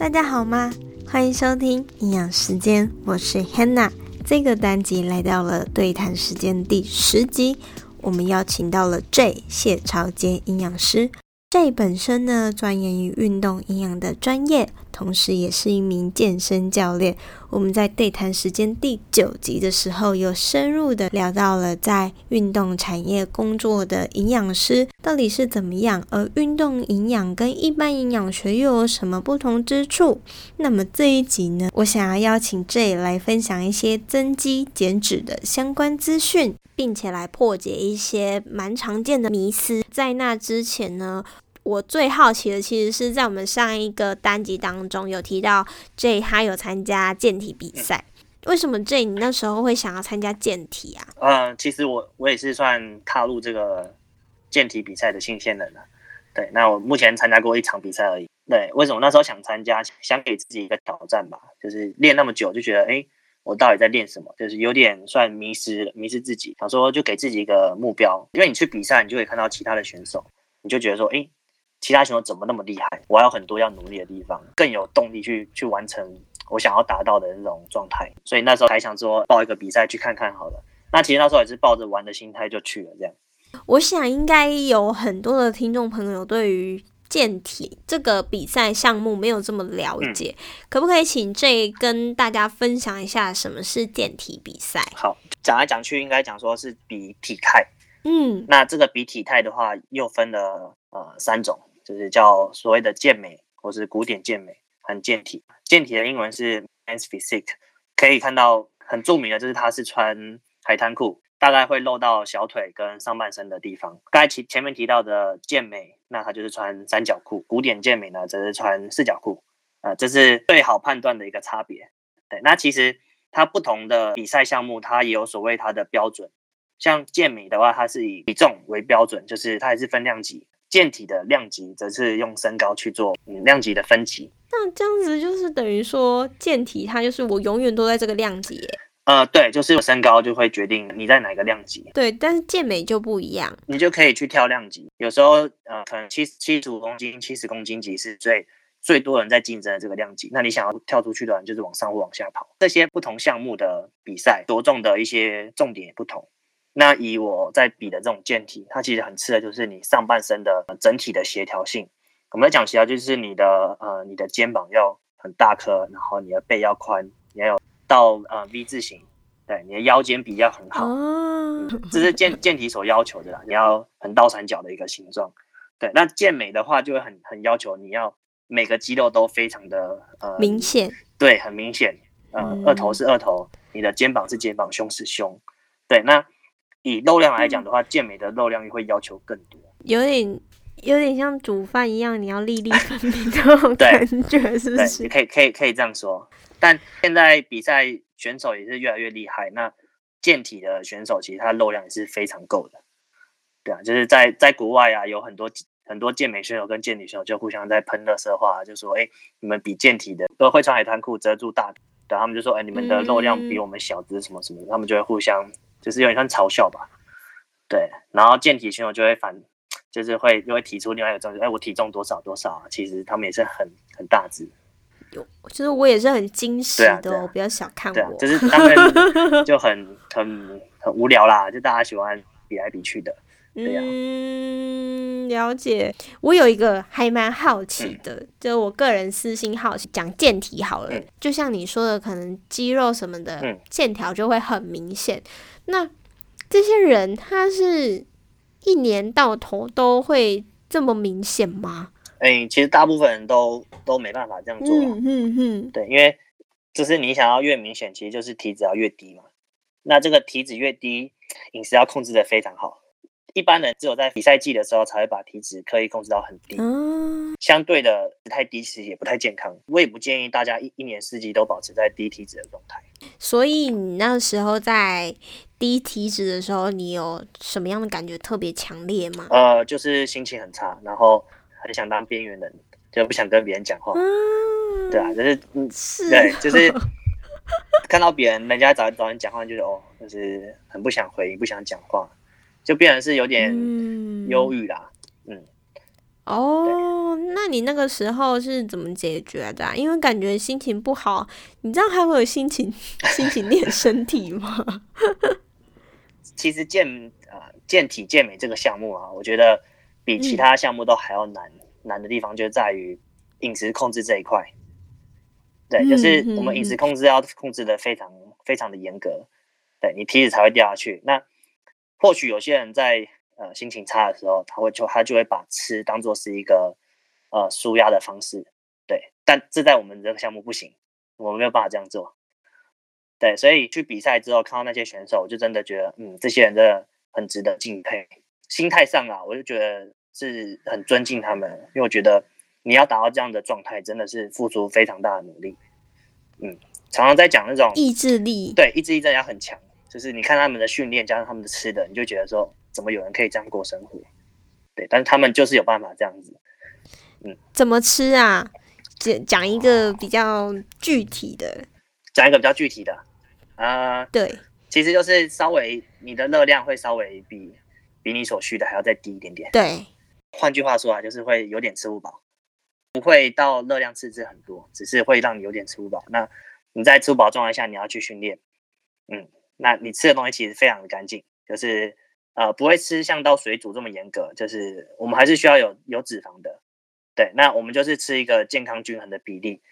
大家好嗎？歡迎收聽營養食間，我是 Hannah。這個單集來到了對談食間第十集，我們邀請到了 Jay 謝朝傑營養師。Jay 本身呢，專研於運動營養的專業。同時也是一名健身教練。我們在對談食間第九集的時候，有深入的聊到了在運動產業工作的營養師到底是怎麼樣，而運動營養跟一般營養學又有什麼不同之處。那麼這一集呢，我想要邀請 Jay 來分享一些增肌減脂的相關資訊，並且來破解一些蠻常見的迷思。在那之前呢，我最好奇的其實是在我們上一個單集當中有提到 Jay 他有參加健體比賽，為什麼 Jay 你那時候會想要參加健體啊？嗯、呃，其實我我也是算踏入這個健體比賽的新鮮人了，對，那我目前參加過一場比賽而已。對，為什麼那時候想參加，想給自己一個挑戰吧？就是練那麼久就覺得，哎，我到底在練什麼？就是有點算迷失迷失自己，想說就給自己一個目標，因為你去比賽，你就會看到其他的選手，你就覺得說，哎。其他選手怎麼那麼厲害？我還有很多要努力的地方，更有動力去去完成我想要達到的那種狀態。所以那時候還想說報一個比賽去看看好了。那其實那時候也是抱着玩的心態就去了。這樣，我想應該有很多的聽眾朋友對於健體這個比賽項目沒有這麼了解，嗯、可不可以請 Jay 跟大家分享一下什麼是健體比賽？好，講來講去應該講說是比體態。嗯，那這個比體態的話又分了呃三種。就是叫所謂的健美，或是古典健美，很健體。健體的英文是 S p h y s i t 可以看到很著名的，就是他是穿海灘褲，大概會露到小腿跟上半身的地方。剛才前面提到的健美，那他就是穿三角褲；古典健美呢，則是穿四角褲。啊、呃，這是最好判斷的一個差別。對，那其實它不同的比賽項目，它也有所謂它的標準。像健美的話，它是以體重為標準，就是它還是分量級。健體的量級則是用身高去做、嗯、量級的分級。那這樣子就是等於說健體，它就是我永遠都在這個量級。呃，對，就是我身高就會決定你在哪個量級。對，但是健美就不一樣，你就可以去跳量級。有時候，呃，可能七十、七十五公斤、七十公斤級是最最多人在競爭的這個量級。那你想要跳出去的人，就是往上或往下跑。這些不同項目的比賽，着重的一些重點不同。那以我在比的這種健體，它其實很吃的就是你上半身的整體的協調性。我們在講協調，就是你的呃你的肩膀要很大顆，然後你的背要寬，你要有到呃 V 字形，對，你的腰肩比要很好，哦、這是健健體所要求的啦。你要很倒三角的一個形狀。對，那健美，的話就會很很要求你要每個肌肉都非常的呃明顯，對，很明顯，呃，嗯、二頭是二頭，你的肩膀是肩膀，胸是胸，對，那。以肉量來講的話，嗯、健美的肉量會要求更多，有點有點像煮飯一樣，你要粒粒分明這種感覺， 對是不是？可以可以可以這樣說。但現在比賽選手也是越來越厲害，那健體的選手其實他的肉量也是非常夠的。對啊，就是在在國外啊，有很多很多健美選手跟健體選手就互相在噴垃圾話、啊，就說：“哎、欸，你們比健體的都會穿海灘褲遮住大對、啊，他們就說：“哎、欸，你們的肉量比我們小隻什麼什麼。嗯”他們就會互相。就是有點像嘲笑吧，對，然後健體群我就會反，就是會又會提出另外一個證據。哎，我體重多少多少啊？其實他們也是很很大隻，有，就是我也是很驚喜的、哦，不要、啊啊、小看我，啊、就是他們就很 很很無聊啦，就大家喜歡比來比去的，啊、嗯，了解。我有一個還蠻好奇的，嗯、就我個人私心好奇，講健體好了，嗯、就像你說的，可能肌肉什麼的嗯，線條就會很明顯。嗯嗯那這些人，他是一年到頭都會這麼明顯嗎？哎、欸，其實大部分人都都沒辦法這樣做嗯。嗯哼，嗯對，因為就是你想要越明顯，其實就是體脂要越低嘛。那這個體脂越低，飲食要控制得非常好。一般人只有在比賽季的時候才會把體脂刻意控制到很低。啊相對的，太低脂也不太健康，我也不建議大家一一年四季都保持在低體脂的狀態。所以你那時候在低體脂的時候，你有什麼樣的感覺特別強烈嗎？呃，就是心情很差，然後很想當邊緣人，就不想跟別人講話。嗯、對啊，就是嗯，是嗎對，就是看到別人 人家找找你講話，就是哦，就是很不想回應，不想講話，就變成是有點憂鬱啦。嗯哦，oh, 對那你那個時候是怎麼解決的、啊？因為感覺心情不好，你知道還會有心情 心情練身體嗎？ 其實健啊、呃、健體健美這個項目啊，我覺得比其他項目都還要難。嗯、難的地方就在於飲食控制這一塊，對，就是我們飲食控制要控制的非常、嗯、哼非常的嚴格，對你皮脂才會掉下去。那或許有些人在。呃，心情差的時候，他會就他就會把吃當做是一個呃舒壓的方式，對。但這在我們這個項目不行，我們沒有辦法這樣做。對，所以去比賽之後，看到那些選手，我就真的覺得，嗯，這些人真的很值得敬佩。心態上啊，我就覺得是很尊敬他們，因為我覺得你要達到這樣的狀態，真的是付出非常大的努力。嗯，常常在講那種意志力，對，意志力真的要很強。就是你看他們的訓練，加上他們的吃的，你就覺得說。怎麼有人可以這樣過生活？對，但是他們就是有辦法這樣子。嗯，怎麼吃啊？講講一個比較具體的、嗯，講一個比較具體的。呃，對，其實就是稍微你的熱量會稍微比比你所需的還要再低一點點。對，換句話說啊，就是會有點吃不飽，不會到熱量赤字很多，只是會讓你有點吃不飽。那你在吃不飽狀況下，你要去訓練，嗯，那你吃的東西其實非常的乾淨，就是。啊、呃，不會吃像到水煮這麼嚴格，就是我們還是需要有有脂肪的，對，那我們就是吃一個健康均衡的比例，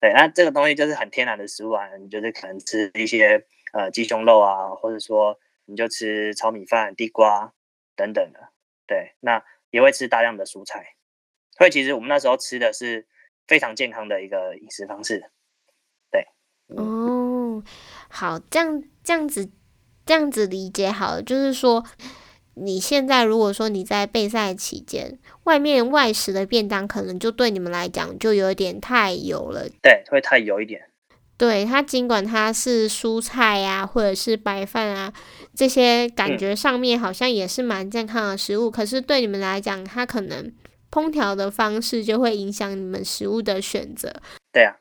對，那這個東西就是很天然的食物啊，你就是可能吃一些呃雞胸肉啊，或者說你就吃糙米飯、地瓜等等的，對，那也會吃大量的蔬菜，所以其實我們那時候吃的是非常健康的一個飲食方式，對，嗯、哦，好，這樣這樣子。這樣子理解好了，就是說，你現在如果說你在備賽期間，外面外食的便當，可能就對你們來講就有點太油了。對，會太油一點。對，它儘管它是蔬菜啊，或者是白飯啊，這些感覺上面好像也是蠻健康的食物，嗯。可是對你們來講，它可能烹調的方式就會影響你們食物的選擇。對啊。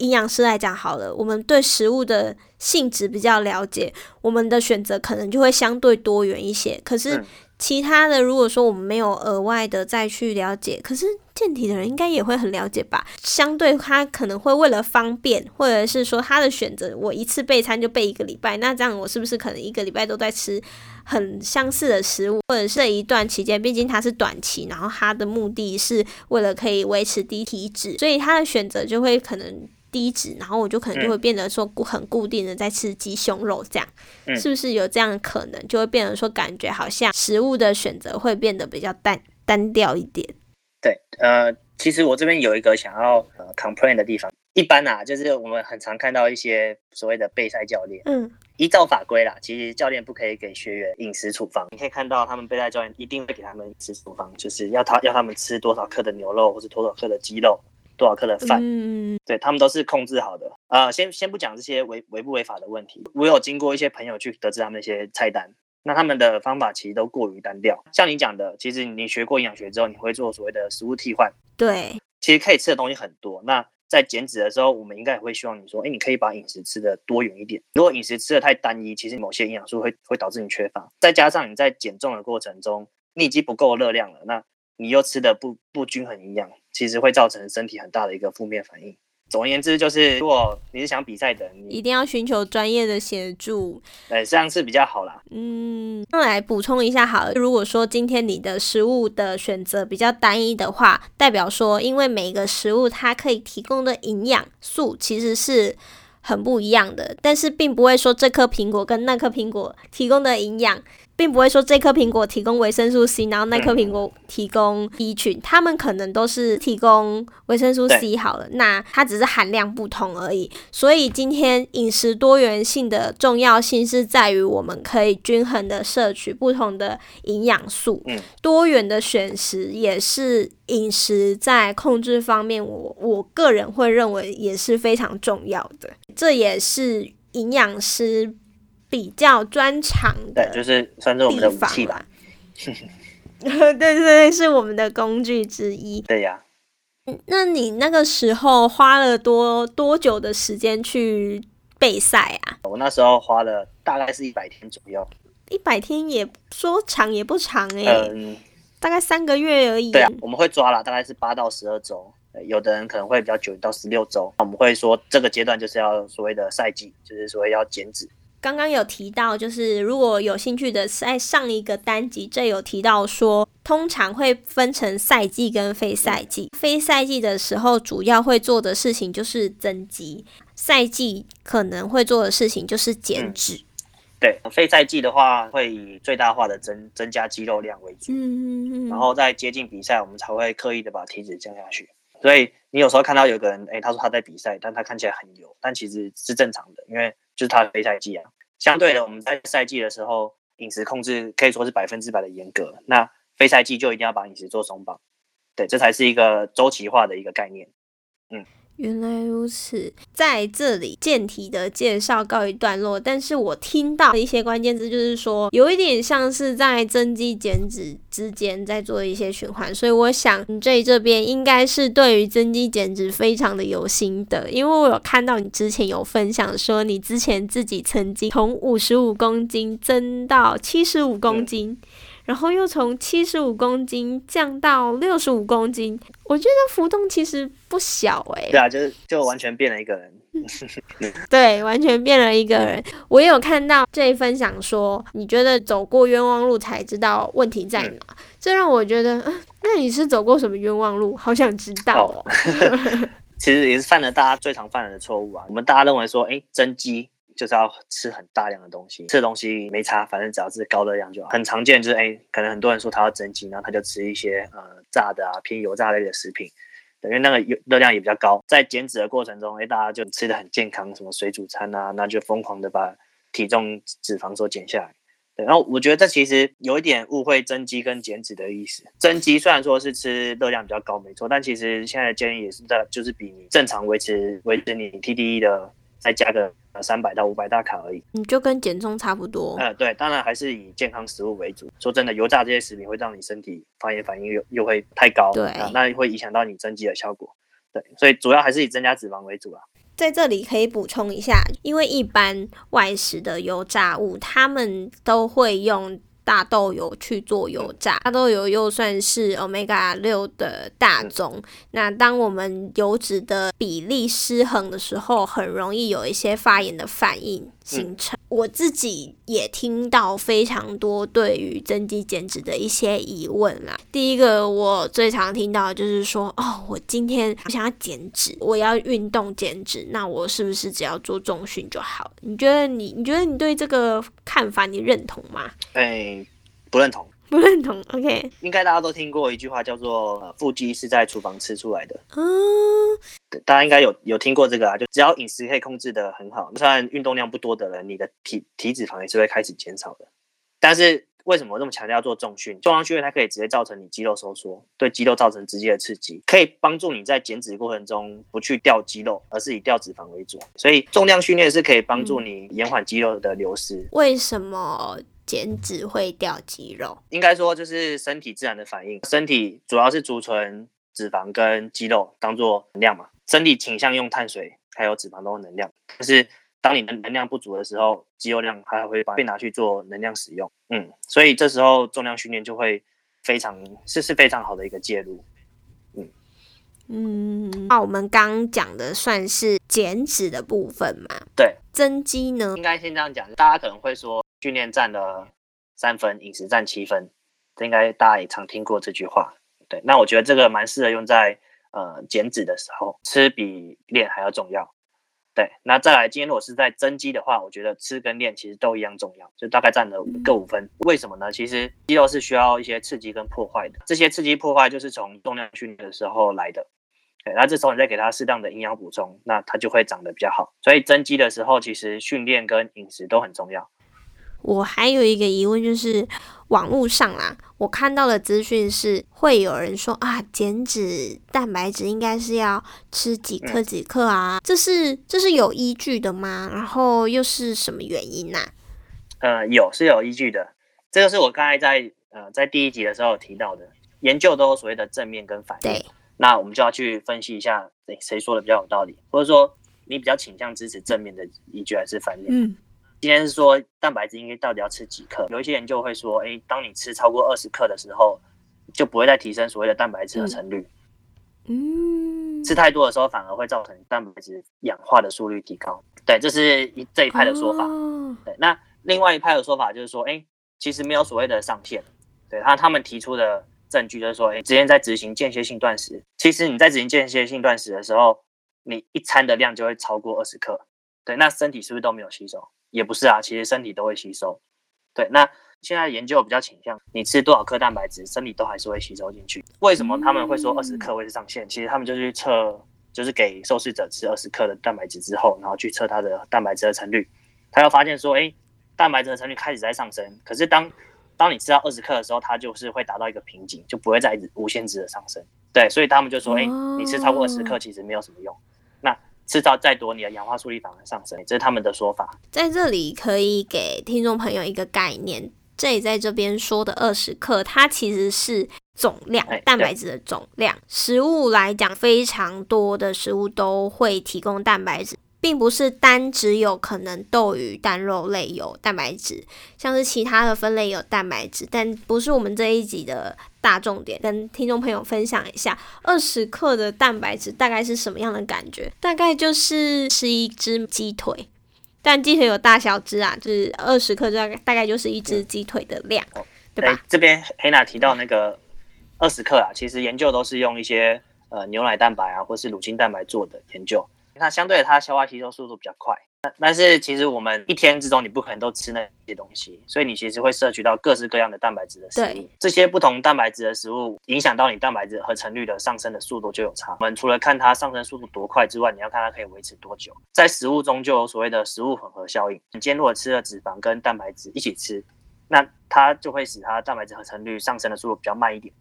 營養師來講好了，我們對食物的性質比較了解，我們的選擇可能就會相對多元一些。可是其他的，如果說我們沒有額外的再去了解，可是健體的人應該也會很了解吧？相對他可能會為了方便，或者是說他的選擇，我一次備餐就備一個禮拜，那這樣我是不是可能一個禮拜都在吃很相似的食物？或者是這一段期間，畢竟它是短期，然後他的目的是為了可以維持低體脂，所以他的選擇就會可能。低脂，然後我就可能就會變得說很固定的在吃雞胸肉這樣，嗯、是不是有這樣的可能就會變得說感覺好像食物的選擇會變得比較單單調一點？對，呃，其實我這邊有一個想要呃 complain 的地方，一般啊，就是我們很常看到一些所謂的備賽教練，嗯，依照法規啦，其實教練不可以給學員飲食處方，你可以看到他們備賽教練一定會給他們吃處方，就是要他要他們吃多少克的牛肉或是多少克的雞肉。多少克的飯？嗯，對，他們都是控制好的啊。呃，先先不講這些違違不違法的問題。我有經過一些朋友去得知他們一些菜單，那他們的方法其實都過於單調。像你講的，其實你學過營養學之後，你會做所謂的食物替換。對，其實可以吃的東西很多。那在減脂的時候，我們應該也會希望你說，誒，你可以把飲食吃的多元一點。如果飲食吃的太單一，其實某些營養素會會導致你缺乏。再加上你在減重的過程中，你已經不夠熱量了，那你又吃的不不均衡營養。其實會造成身體很大的一個負面反應。總而言之，就是如果你是想比賽的，你一定要尋求專業的協助，對，這樣是比較好啦。嗯，那來補充一下，好了，如果說今天你的食物的選擇比較單一的話，代表說，因為每一個食物它可以提供的營養素其實是很不一樣的，但是並不會說這顆蘋果跟那顆蘋果提供的營養。並不會說這顆蘋果提供維生素 C，然後那顆蘋果提供 B 群，嗯、他們可能都是提供維生素 C 好了，對那它只是含量不同而已。所以今天飲食多元性的重要性是在於我們可以均衡的攝取不同的營養素，嗯、多元的選食也是飲食在控制方面我，我我個人會認為也是非常重要的。這也是營養師。比較專長的，對，就是算是我們的武器吧。啊、 對對是我們的工具之一。對呀、啊，那你那個時候花了多多久的時間去備賽啊？我那時候花了大概是一百天左右。一百天也說長也不長哎、欸。嗯，大概三個月而已。對啊，我們會抓了，大概是八到十二週，有的人可能會比較久，到十六週。我們會說這個階段就是要所謂的賽季，就是所謂要減脂。剛剛有提到，就是如果有興趣的，在上一個單集這有提到說，通常會分成賽季跟非賽季。嗯、非賽季的時候，主要會做的事情就是增肌；賽季可能會做的事情就是減脂。嗯、對，非賽季的話，會以最大化的增增加肌肉量為主。嗯，然後在接近比賽，我們才會刻意的把體脂降下去。所以你有時候看到有個人，誒，他說他在比賽，但他看起來很油，但其實是正常的，因為。就是他的非賽季啊，相對的，我們在賽季的時候飲食控制可以說是百分之百的嚴格，那非賽季就一定要把飲食做鬆綁，對，這才是一個周期化的一個概念，嗯。原來如此，在這裡健體的介紹告一段落，但是我聽到一些關鍵字，就是說有一點像是在增肌減脂之間在做一些循環，所以我想你這這邊應該是對於增肌減脂非常的有心得，因為我有看到你之前有分享說你之前自己曾經從五十五公斤增到七十五公斤。嗯然後又從七十五公斤降到六十五公斤，我覺得浮動其實不小哎、欸。對啊，就是就完全變了一個人。 對，完全變了一個人。我也有看到這一分享說，你覺得走過冤枉路才知道問題在哪？嗯、這讓我覺得，嗯、呃，那你是走過什麼冤枉路？好想知道 其實也是犯了大家最常犯的錯誤啊。我們大家認為說，哎，增肌。就是要吃很大量的東西，吃的東西沒差，反正只要是高熱量就好。很常見就是，哎、欸，可能很多人說他要增肌，然後他就吃一些呃炸的啊，偏油炸類的食品，等於那個油熱量也比較高。在減脂的過程中，哎、欸，大家就吃的很健康，什麼水煮餐啊，那就瘋狂的把體重脂肪所減下來。對，然後我覺得這其實有一點誤會增肌跟減脂的意思。增肌雖然說是吃熱量比較高沒錯，但其實現在的建議也是在就是比你正常維持維持你 TDE 的。再加個呃三百到五百大卡而已，你就跟減重差不多。呃，對，當然還是以健康食物為主。說真的，油炸這些食品會讓你身體發炎反應又又會太高，對，呃，那會影響到你增肌的效果。對，所以主要還是以增加脂肪為主啊。在這裡可以補充一下，因為一般外食的油炸物，他們都會用。大豆油去做油炸，大豆油又算是 omega 六的大宗。那當我們油脂的比例失衡的時候，很容易有一些發炎的反應形成。嗯、我自己也聽到非常多對於增肌減脂的一些疑問啦、啊。第一個我最常聽到的就是說，哦，我今天我想要減脂，我要運動減脂，那我是不是只要做重訓就好了？你覺得你你覺得你對這個看法，你認同嗎？對、欸。不認同，不認同。OK，應該大家都聽過一句話，叫做、呃「腹肌是在廚房吃出來的」哦。嗯，大家應該有有聽過這個啊，就只要飲食可以控制得很好，雖然運動量不多的人，你的體體脂肪也是會開始減少的。但是為什麼這麼強調做重訓？重量訓練它可以直接造成你肌肉收縮，對肌肉造成直接的刺激，可以幫助你在減脂過程中不去掉肌肉，而是以掉脂肪為主。所以重量訓練是可以幫助你延緩肌肉的流失。嗯、為什麼？減脂會掉肌肉，應該說就是身體自然的反應。身體主要是儲存脂肪跟肌肉當做能量嘛，身體傾向用碳水還有脂肪當做能量，但是當你能能量不足的時候，肌肉量它會把被拿去做能量使用。嗯，所以這時候重量訓練就會非常是是非常好的一個介入。嗯嗯，那我們剛剛講的算是減脂的部分嘛？對，增肌呢，應該先這樣講，大家可能會說。訓練佔了三分，飲食佔七分，這應該大家也常聽過這句話。對，那我覺得這個蠻適合用在呃減脂的時候，吃比練還要重要。對，那再來，今天如果是在增肌的話，我覺得吃跟練其實都一樣重要，就大概佔了各五分。為什麼呢？其實肌肉是需要一些刺激跟破壞的，這些刺激破壞就是從重量訓練的時候來的。對，那這時候你再給它適當的營養補充，那它就會長得比較好。所以增肌的時候，其實訓練跟飲食都很重要。我還有一個疑問，就是網絡上啦，我看到的資訊是會有人說啊，減脂蛋白質應該是要吃幾克幾克啊，嗯、這是這是有依據的嗎？然後又是什麼原因呢、啊？呃，有是有依據的，這個是我剛才在呃在第一集的時候有提到的，研究都有所謂的正面跟反面，對那我們就要去分析一下，誰、欸、說的比較有道理，或者說你比較傾向支持正面的依據還是反面？嗯。今天是說蛋白質，應該到底要吃幾克？有一些人就會說，哎、欸，當你吃超過二十克的時候，就不會再提升所謂的蛋白質的合成率。嗯，吃太多的時候，反而會造成蛋白質氧化的速率提高。對，這是一這一派的說法。哦、對，那另外一派的說法就是說，哎、欸，其實沒有所謂的上限。對，他他們提出的證據就是說，哎、欸，之前在執行間歇性斷食，其實你在執行間歇性斷食的時候，你一餐的量就會超過二十克。對，那身體是不是都沒有吸收？也不是啊，其實身體都會吸收。對，那現在研究比較傾向，你吃多少克蛋白質，身體都還是會吸收進去。為什麼他們會說二十克會是上限？其實他們就是測，就是給受試者吃二十克的蛋白質之後，然後去測他的蛋白質合成率。他又發現說，誒，蛋白質合成率開始在上升，可是當當你吃到二十克的時候，它就是會達到一個瓶頸，就不會再無限制的上升。對，所以他們就說，誒，你吃超過二十克其實沒有什麼用。哦、那。製造再多，你的氧化速率反而上升，這是他們的說法。在這裡可以給聽眾朋友一個概念，這裡在這邊說的二十克，它其實是總量，蛋白質的總量。哎、食物來講，非常多的食物都會提供蛋白質。並不是單只有可能豆魚蛋肉類有蛋白質，像是其他的分類有蛋白質，但不是我們這一集的大重點，跟聽眾朋友分享一下，二十克的蛋白質大概是什麼樣的感覺？大概就是吃一隻雞腿，但雞腿有大小隻啊，就是二十克就大概大概就是一隻雞腿的量，嗯哦、對吧？欸、這邊黑娜提到那個二十克啊，嗯、其實研究都是用一些呃牛奶蛋白啊或是乳清蛋白做的研究。那相對它消化吸收速度比較快，那但是其實我們一天之中你不可能都吃那些東西，所以你其實會攝取到各式各樣的蛋白質的食物。對這些不同蛋白質的食物影響到你蛋白質合成率的上升的速度就有差。我們除了看它上升速度多快之外，你要看它可以維持多久。在食物中就有所謂的食物混合效應。你今天如果吃了脂肪跟蛋白質一起吃，那它就會使它蛋白質合成率上升的速度比較慢一點，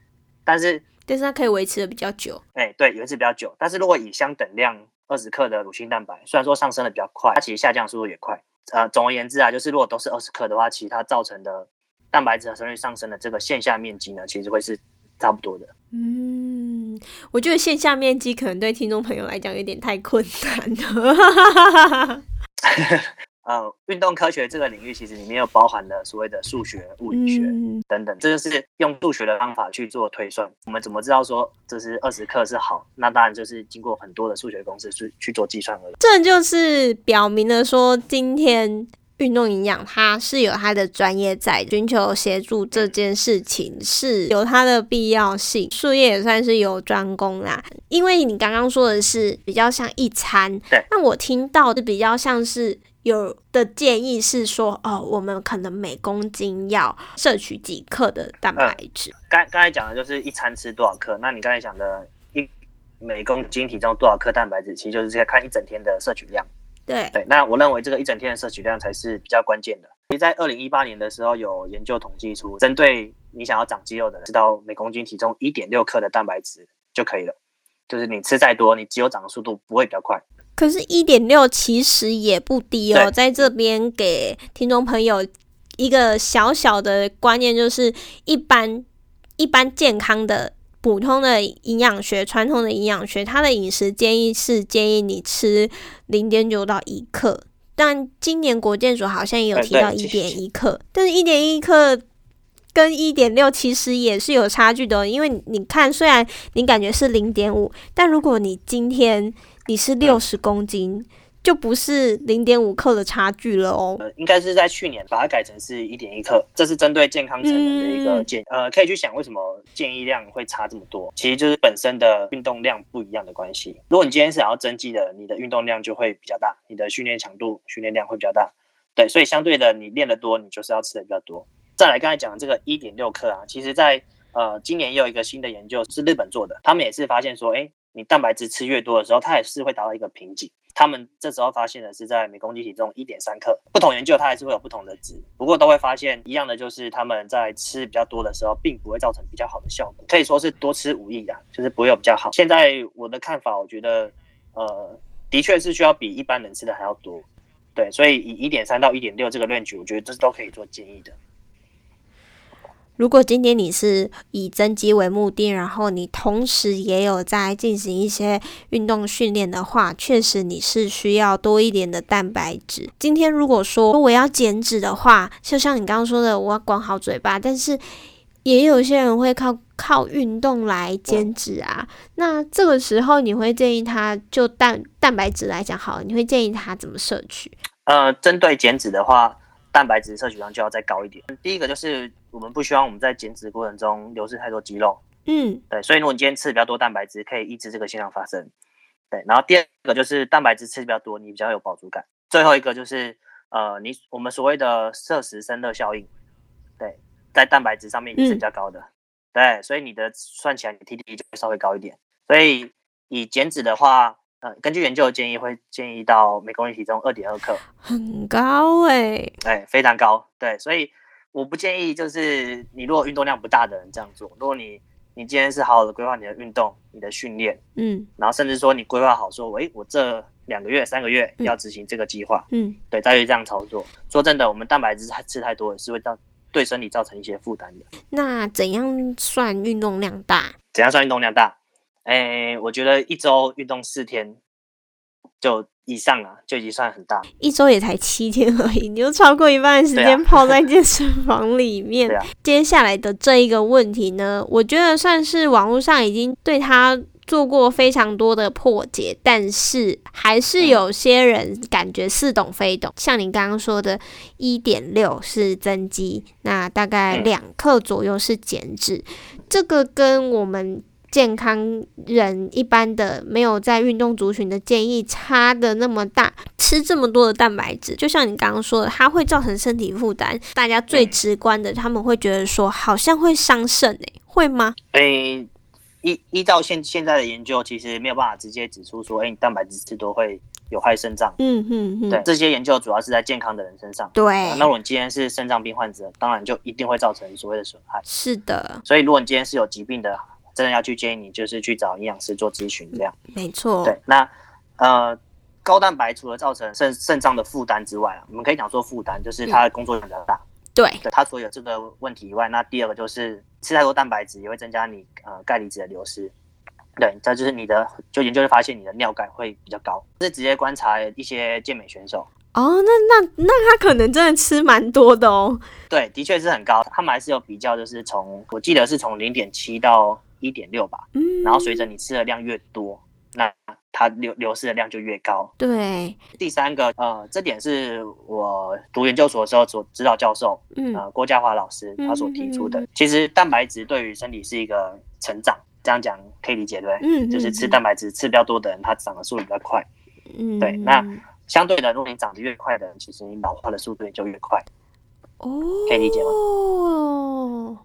但是但是它可以維持的比較久。誒對，維持比較久。但是如果以相等量二十克的乳清蛋白，雖然說上升的比較快，它其實下降速度也快。呃，總而言之啊，就是如果都是二十克的話，其實它造成的蛋白質合成率上升的這個線下面積呢，其實會是差不多的。嗯，我覺得線下面積可能對聽眾朋友來講有點太困難了。 呃，運動科學這個領域其實裡面又包含了所謂的數學、物理學等等，嗯、這就是用數學的方法去做推算。嗯、我們怎麼知道說這是二十克是好？那當然就是經過很多的數學公式去去做計算而已。這就是表明了說，今天運動營養它是有它的專業在，尋求協助這件事情、嗯、是有它的必要性。術業也算是有專攻啦，因為你剛剛說的是比較像一餐，對，那我聽到就比較像是。有的建議是說，哦，我們可能每公斤要攝取幾克的蛋白質。剛剛，嗯，才講的就是一餐吃多少克，那你剛才講的一每公斤體重多少克蛋白質，其實就是要看一整天的攝取量。對對，那我認為這個一整天的攝取量才是比較關鍵的。因為在二零一八年的時候，有研究統計出，針對你想要長肌肉的人，知道每公斤體重一點六克的蛋白質就可以了。就是你吃再多，你肌肉長的速度不會比較快。可是，一點六其實也不低喔。對在這邊給聽眾朋友一個小小的觀念，就是一般一般健康的、普通的營養學、傳統的營養學，它的飲食建議是建議你吃零點九到一克。但今年國健署好像也有提到一點一克，但是一點一克跟一點六其實也是有差距的喔，因為你看，雖然你感覺是零點五，但如果你今天。你是六十公斤，嗯、就不是零點五克的差距了哦。呃，應該是在去年把它改成是一點一克，這是針對健康成人的一個建、嗯、呃，可以去想為什麼建議量會差這麼多，其實就是本身的運動量不一樣的關係。如果你今天是想要增肌的，你的運動量就會比較大，你的訓練強度、訓練量會比較大。對，所以相對的，你練得多，你就是要吃得比較多。再來，剛才講的這個一點六克啊，其實在呃今年又有一個新的研究是日本做的，他們也是發現說，哎、欸。你蛋白質吃越多的時候，它也是會達到一個瓶頸。他們這時候發現的是，在每公斤體重一點三克，不同研究它還是會有不同的值，不過都會發現一樣的，就是他們在吃比較多的時候，並不會造成比較好的效果，可以說是多吃無益啊，就是不會有比較好。現在我的看法，我覺得，呃，的確是需要比一般人吃的還要多，對，所以以一點三到一點六這個 range，我覺得這是都可以做建議的。如果今天你是以增肌為目的，然後你同時也有在進行一些運動訓練的話，確實你是需要多一點的蛋白質。今天如果說說我要減脂的話，就像你剛剛說的，我要管好嘴巴，但是也有些人會靠靠運動來減脂啊。哇那這個時候你會建議他就蛋蛋白質來講好了，你會建議他怎麼攝取？呃，針對減脂的話，蛋白質攝取量就要再高一點。第一個就是。我們不希望我們在減脂過程中流失太多肌肉。嗯，對，所以如果你今天吃比較多蛋白質，可以抑制這個現象發生。對，然後第二個就是蛋白質吃比較多，你比較有飽足感。最後一個就是呃，你我們所謂的攝食生熱效應，對，在蛋白質上面也是比較高的。嗯、對，所以你的算起來，你 TDE 就稍微高一點。所以以減脂的話，嗯、呃，根據研究的建議，會建議到每公斤體重二點二克，很高哎、欸。對，非常高。對，所以。我不建議，就是你如果運動量不大的人這樣做。如果你你今天是好好的規劃你的運動、你的訓練，嗯，然後甚至說你規劃好說，哎，我這兩個月、三個月要執行這個計劃，嗯，嗯對，大約這樣操作。說真的，我們蛋白質吃太多了是會造對身體造成一些負擔的。那怎樣算運動量大？怎樣算運動量大？哎，我覺得一周運動四天。就以上了，就已經算很大。一周也才七天而已，你就超過一半的時間泡在健身房裡面。對啊 啊、接下來的這一個問題呢，我覺得算是網絡上已經對它做過非常多的破解，但是還是有些人感覺似懂非懂。嗯、像你剛剛說的，一點六是增肌，那大概兩克左右是減脂，嗯、這個跟我們。健康人一般的沒有在運動族群的建議差的那麼大，吃這麼多的蛋白質，就像你剛剛說的，它會造成身體負擔。大家最直觀的，嗯、他們會覺得說，好像會傷腎誒，會嗎？誒、欸，依依照現現在的研究，其實沒有辦法直接指出說，欸、你蛋白質吃多會有害腎臟。嗯嗯嗯，對，這些研究主要是在健康的人身上。對，啊、那我們今天是腎臟病患者，當然就一定會造成所謂的損害。是的，所以如果你今天是有疾病的。真的要去建議你，就是去找營養師做諮詢，這樣沒錯錯。對，那呃，高蛋白除了造成腎腎臟的負擔之外，我們可以講說負擔，就是它的工作量比較大，嗯。對，對它除了有這個問題以外，那第二個就是吃太多蛋白質也會增加你呃鈣離子的流失。對，再就是你的就研究會發現你的尿鈣會比較高，就是直接觀察一些健美選手哦。那那那他可能真的吃蠻多的哦。對，的確是很高，他們還是有比較，就是從我記得是從零點七到。一點六吧，嗯，然後隨着你吃的量越多，嗯、那它流流失的量就越高，對。第三個，呃，這點是我讀研究所的時候，所指導教授，嗯，啊、呃，郭家華老師他所提出的。嗯嗯嗯、其實蛋白質對於身體是一個成長，這樣講可以理解對嗯，嗯嗯，就是吃蛋白質吃比較多的人，他長的速度比較快，嗯，對。那相對的，如果你長得越快的人，其實你老化的速度也就越快，哦，可以理解嗎？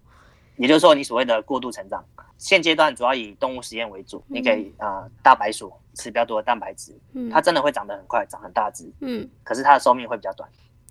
也就是說，你所謂的過度成長，現階段主要以動物實驗為主。嗯、你給啊、呃、大白鼠吃比較多的蛋白質，它、嗯、真的會長得很快，長很大隻，嗯，可是它的壽命會比較短。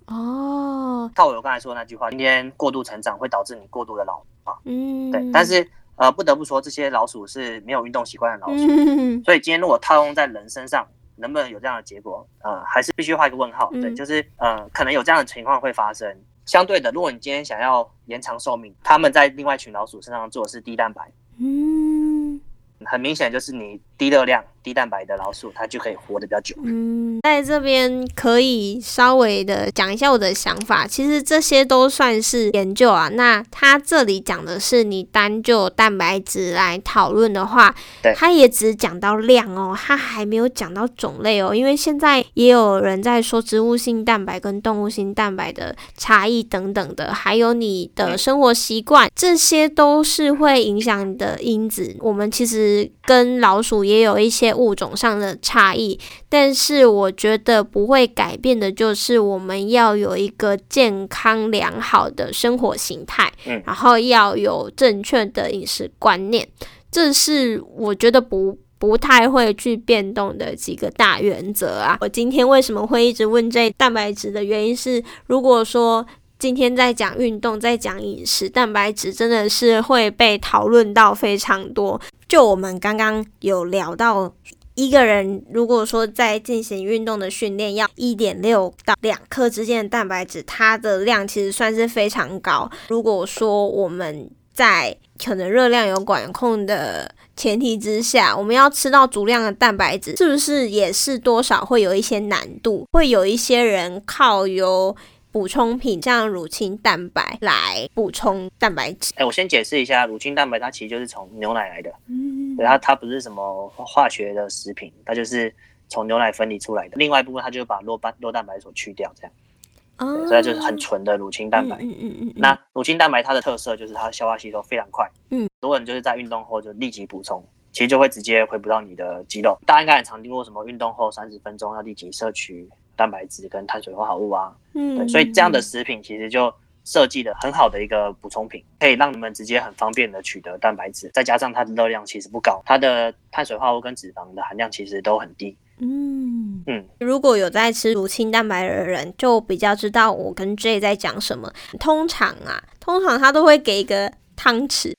哦，套我剛才說的那句話，今天過度成長會導致你過度的老化，嗯，對。但是呃，不得不說，這些老鼠是沒有運動習慣的老鼠，嗯、所以今天如果套用在人身上，能不能有這樣的結果啊、呃？還是必須畫一個問號。嗯、對，就是呃，可能有這樣的情況會發生。相對的，如果你今天想要延長壽命，他們在另外一群老鼠身上做的是低蛋白。嗯，很明顯就是你。低熱量、低蛋白的老鼠，它就可以活得比較久。嗯，在這邊可以稍微的講一下我的想法。其實這些都算是研究啊。那他這裡講的是你單就蛋白質來討論的話，對，他也只講到量哦，他還沒有講到種類哦。因為現在也有人在說植物性蛋白跟動物性蛋白的差異等等的，還有你的生活習慣，嗯、這些都是會影響你的因子。我們其實跟老鼠也。也有一些物種上的差異，但是我覺得不會改變的，就是我們要有一個健康良好的生活形態，然後要有正確的飲食觀念，這是我覺得不不太會去變動的幾個大原則啊。我今天為什麼會一直問這蛋白質的原因是，如果說。今天在講運動，在講飲食，蛋白質真的是會被討論到非常多。就我們剛剛有聊到，一個人如果說在進行運動的訓練，要一點六到兩克之間的蛋白質，它的量其實算是非常高。如果說我們在可能熱量有管控的前提之下，我們要吃到足量的蛋白質，是不是也是多少會有一些難度？會有一些人靠由。補充品，樣乳清蛋白來補充蛋白質。哎、欸，我先解釋一下，乳清蛋白它其實就是從牛奶來的，嗯、對，它它不是什麼化學的食品，它就是從牛奶分離出來的。另外一部分它就把弱蛋蛋白所去掉，這樣、哦，所以它就是很純的乳清蛋白。嗯嗯嗯。那乳清蛋白它的特色就是它消化吸收非常快。嗯。如果你就是在運動後就立即補充，其實就會直接回不到你的肌肉。大家應該很常聽過什麼運動後三十分鐘要立即攝取。蛋白質跟碳水化合物啊，嗯，所以這樣的食品其實就設計的很好的一個補充品，可以讓你們直接很方便的取得蛋白質，再加上它的熱量其實不高，它的碳水化合物跟脂肪的含量其實都很低，嗯嗯。嗯，如果有在吃乳清蛋白的人，就比較知道我跟 J 在講什麼。通常啊，通常他都會給一個。湯匙，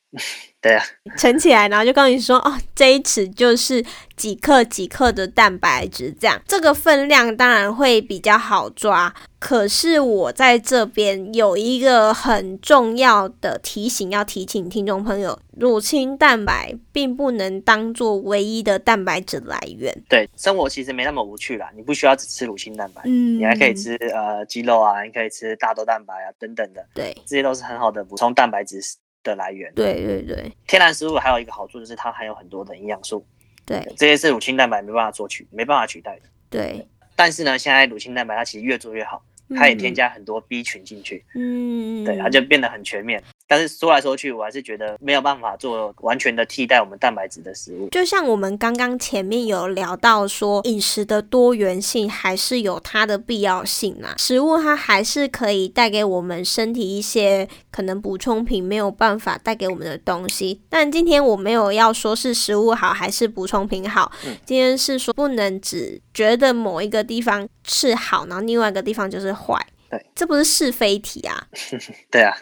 對啊，盛起來，然後就告訴你說，哦，這一匙就是幾克幾克的蛋白質，這樣這個分量，當然會比較好抓。可是我在這邊有一個很重要的提醒，要提醒聽眾朋友，乳清蛋白並不能當做唯一的蛋白質來源。對，生活其實沒那麼無趣啦，你不需要只吃乳清蛋白，嗯，你還可以吃呃雞肉啊，你可以吃大豆蛋白啊等等的，對，這些都是很好的補充蛋白質的來源，對對對，天然食物還有一個好處就是它含有很多的營養素，對，對，這些是乳清蛋白沒辦法做取、沒辦法取代的。對，對，但是呢，現在乳清蛋白它其實越做越好，嗯、它也添加很多 B 群進去，嗯，對，它就變得很全面。嗯但是說來說去，我還是覺得沒有辦法做完全的替代我們蛋白質的食物。就像我們剛剛前面有聊到說，飲食的多元性還是有它的必要性啊。食物它還是可以帶給我們身體一些可能補充品沒有辦法帶給我們的東西。但今天我沒有要說是食物好還是補充品好，嗯、今天是說不能只覺得某一個地方是好，然後另外一個地方就是壞。對，這不是是非題啊？ 對啊。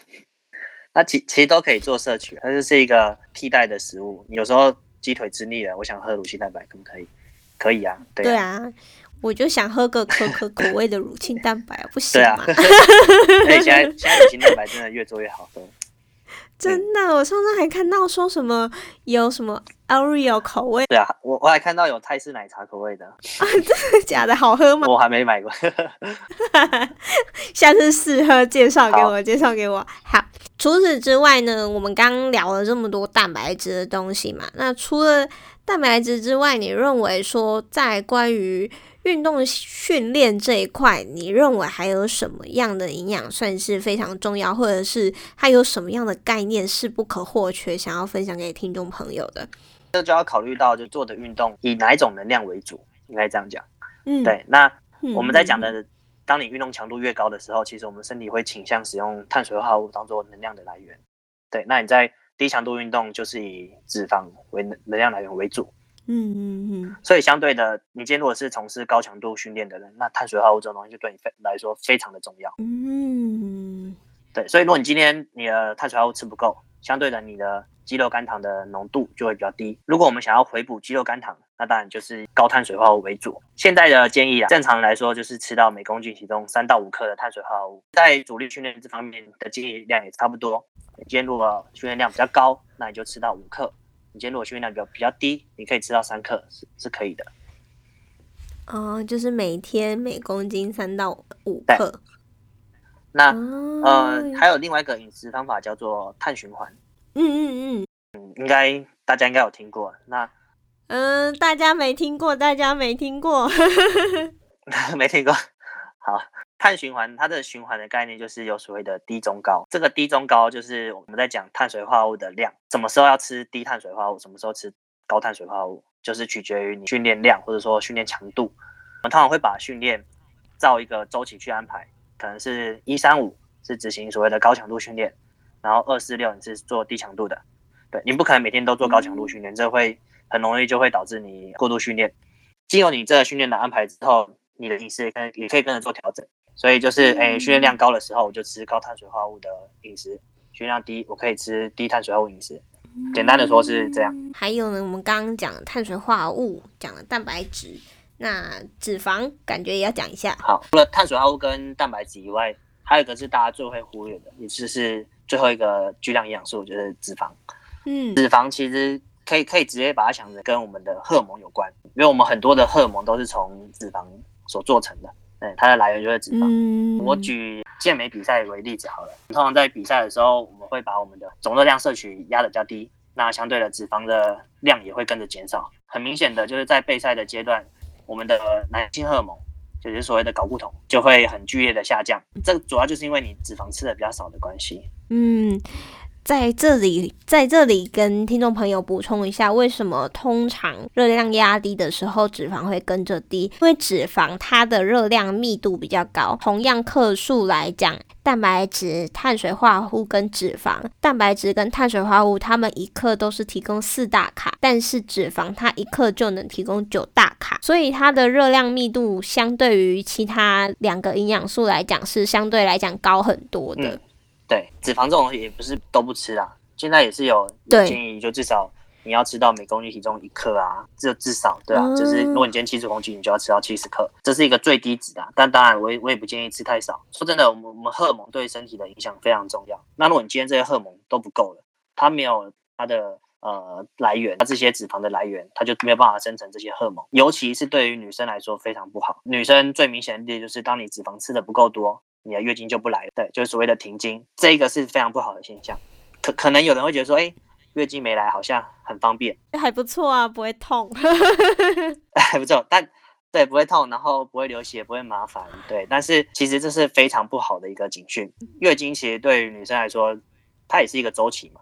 那其其實都可以做攝取，它就是一個替代的食物。你有時候雞腿吃膩了，我想喝乳清蛋白，可不可以？可以啊，對啊。對啊，我就想喝個可可口味的乳清蛋白， 不行嗎？對啊， 所以現在現在乳清蛋白真的越做越好喝。 真的，我上次還看到說什麼有什麼 Oreo 口味，對啊，我我還看到有泰式奶茶口味的 啊，真的假的？好喝嗎？我還沒買過， 下次試喝，介紹給我，好介紹給我。好，除此之外呢，我們剛聊了這麼多蛋白質的東西嘛，那除了。蛋白質之外，你認為說在關於運動訓練這一塊，你認為還有什麼樣的營養算是非常重要，或者是它有什麼樣的概念是不可或缺？想要分享給聽眾朋友的，這就要考慮到就做的運動以哪一種能量為主，應該這樣講。嗯，對。那我們在講的，嗯、當你運動強度越高的時候，其實我們身體會傾向使用碳水化合物當做能量的來源。對，那你在。低強度運動就是以脂肪為能能量來源為主，嗯嗯嗯，嗯嗯，所以相對的，你今天如果是從事高強度訓練的人，那碳水化合物這種東西就對你非來說非常的重要，嗯，對，所以如果你今天你的碳水化合物吃不夠，相對的你的。肌肉肝糖的濃度就會比較低。如果我們想要回補肌肉肝糖，那當然就是高碳水化合物為主。現在的建議啊，正常來說就是吃到每公斤體重三到五克的碳水化合物。在阻力訓練這方面的建議量也差不多。你今天如果訓練量比較高，那你就吃到五克；你今天如果訓練量比較比較低，你可以吃到三克是是可以的。哦，就是每天每公斤三到五克。那、哦、呃，還有另外一個飲食方法叫做碳循環。嗯嗯嗯，嗯，應該大家應該有聽過那。嗯、呃，大家沒聽過，大家沒聽過， 沒聽過。好，碳循環它的循環的概念就是有所謂的低中高，這個低中高就是我們在講碳水化物的量，什麼時候要吃低碳水化物，什麼時候吃高碳水化物，就是取決於你訓練量或者說訓練強度。我們通常會把訓練照一個周期去安排，可能是一三五是執行所謂的高強度訓練。然後二四六你是做低強度的，對，你不可能每天都做高強度訓練，這會很容易就會導致你過度訓練。經由你這個訓練的安排之後，你的飲食也可以，也可以跟着做調整。所以就是，哎，訓練量高的時候我就吃高碳水化物的飲食，訓練量低我可以吃低碳水化物飲食。簡單的說是這樣。還有呢，我們剛剛講了碳水化物，講了蛋白質，那脂肪感覺也要講一下。好，除了碳水化物跟蛋白質以外，還有一個是大家最會忽略的，也就是。最後一個巨量營養素就是脂肪，嗯，脂肪其實可以可以直接把它想成跟我們的荷爾蒙有關，因為我們很多的荷爾蒙都是從脂肪所做成的，對，它的來源就是脂肪。嗯，我舉健美比賽為例子好了，通常在比賽的時候，我們會把我們的總熱量攝取壓得比較低，那相對的脂肪的量也會跟着減少。很明顯的就是在備賽的階段，我們的男性荷爾蒙。就是所謂的睪固酮，就會很劇烈的下降。這主要就是因為你脂肪吃的比較少的關係。嗯。在這裡，在這裡跟聽眾朋友補充一下，為什麼通常熱量壓低的時候，脂肪會跟着低？因為脂肪它的熱量密度比較高，同樣克數來講，蛋白質、碳水化合物跟脂肪，蛋白質跟碳水化合物它們一克都是提供四大卡，但是脂肪它一克就能提供九大卡，所以它的熱量密度相對於其他兩個營養素來講，是相對來講高很多的。嗯對，脂肪這種東西也不是都不吃啦。現在也是有對我建議，就至少你要吃到每公斤體重一克啊，這至少對啊。嗯、就是如果你今天七十公斤，你就要吃到七十克，這是一個最低值的。但當然我也，我我也不建議吃太少。說真的，我們我們荷爾蒙對身體的影響非常重要。那如果你今天這些荷爾蒙都不夠了，它沒有它的呃來源，那這些脂肪的來源它就沒有辦法生成這些荷爾蒙，尤其是對於女生來說非常不好。女生最明顯的就是當你脂肪吃的不夠多。你的月經就不來，對，就是所謂的停經，這個是非常不好的現象。可可能有人會覺得說，哎、欸，月經沒來好像很方便，還不錯啊，不會痛。 還不錯，但對，不會痛，然後不會流血，不會麻煩，對。但是其實這是非常不好的一個警訊。月經其實對於女生來說，它也是一個週期嘛，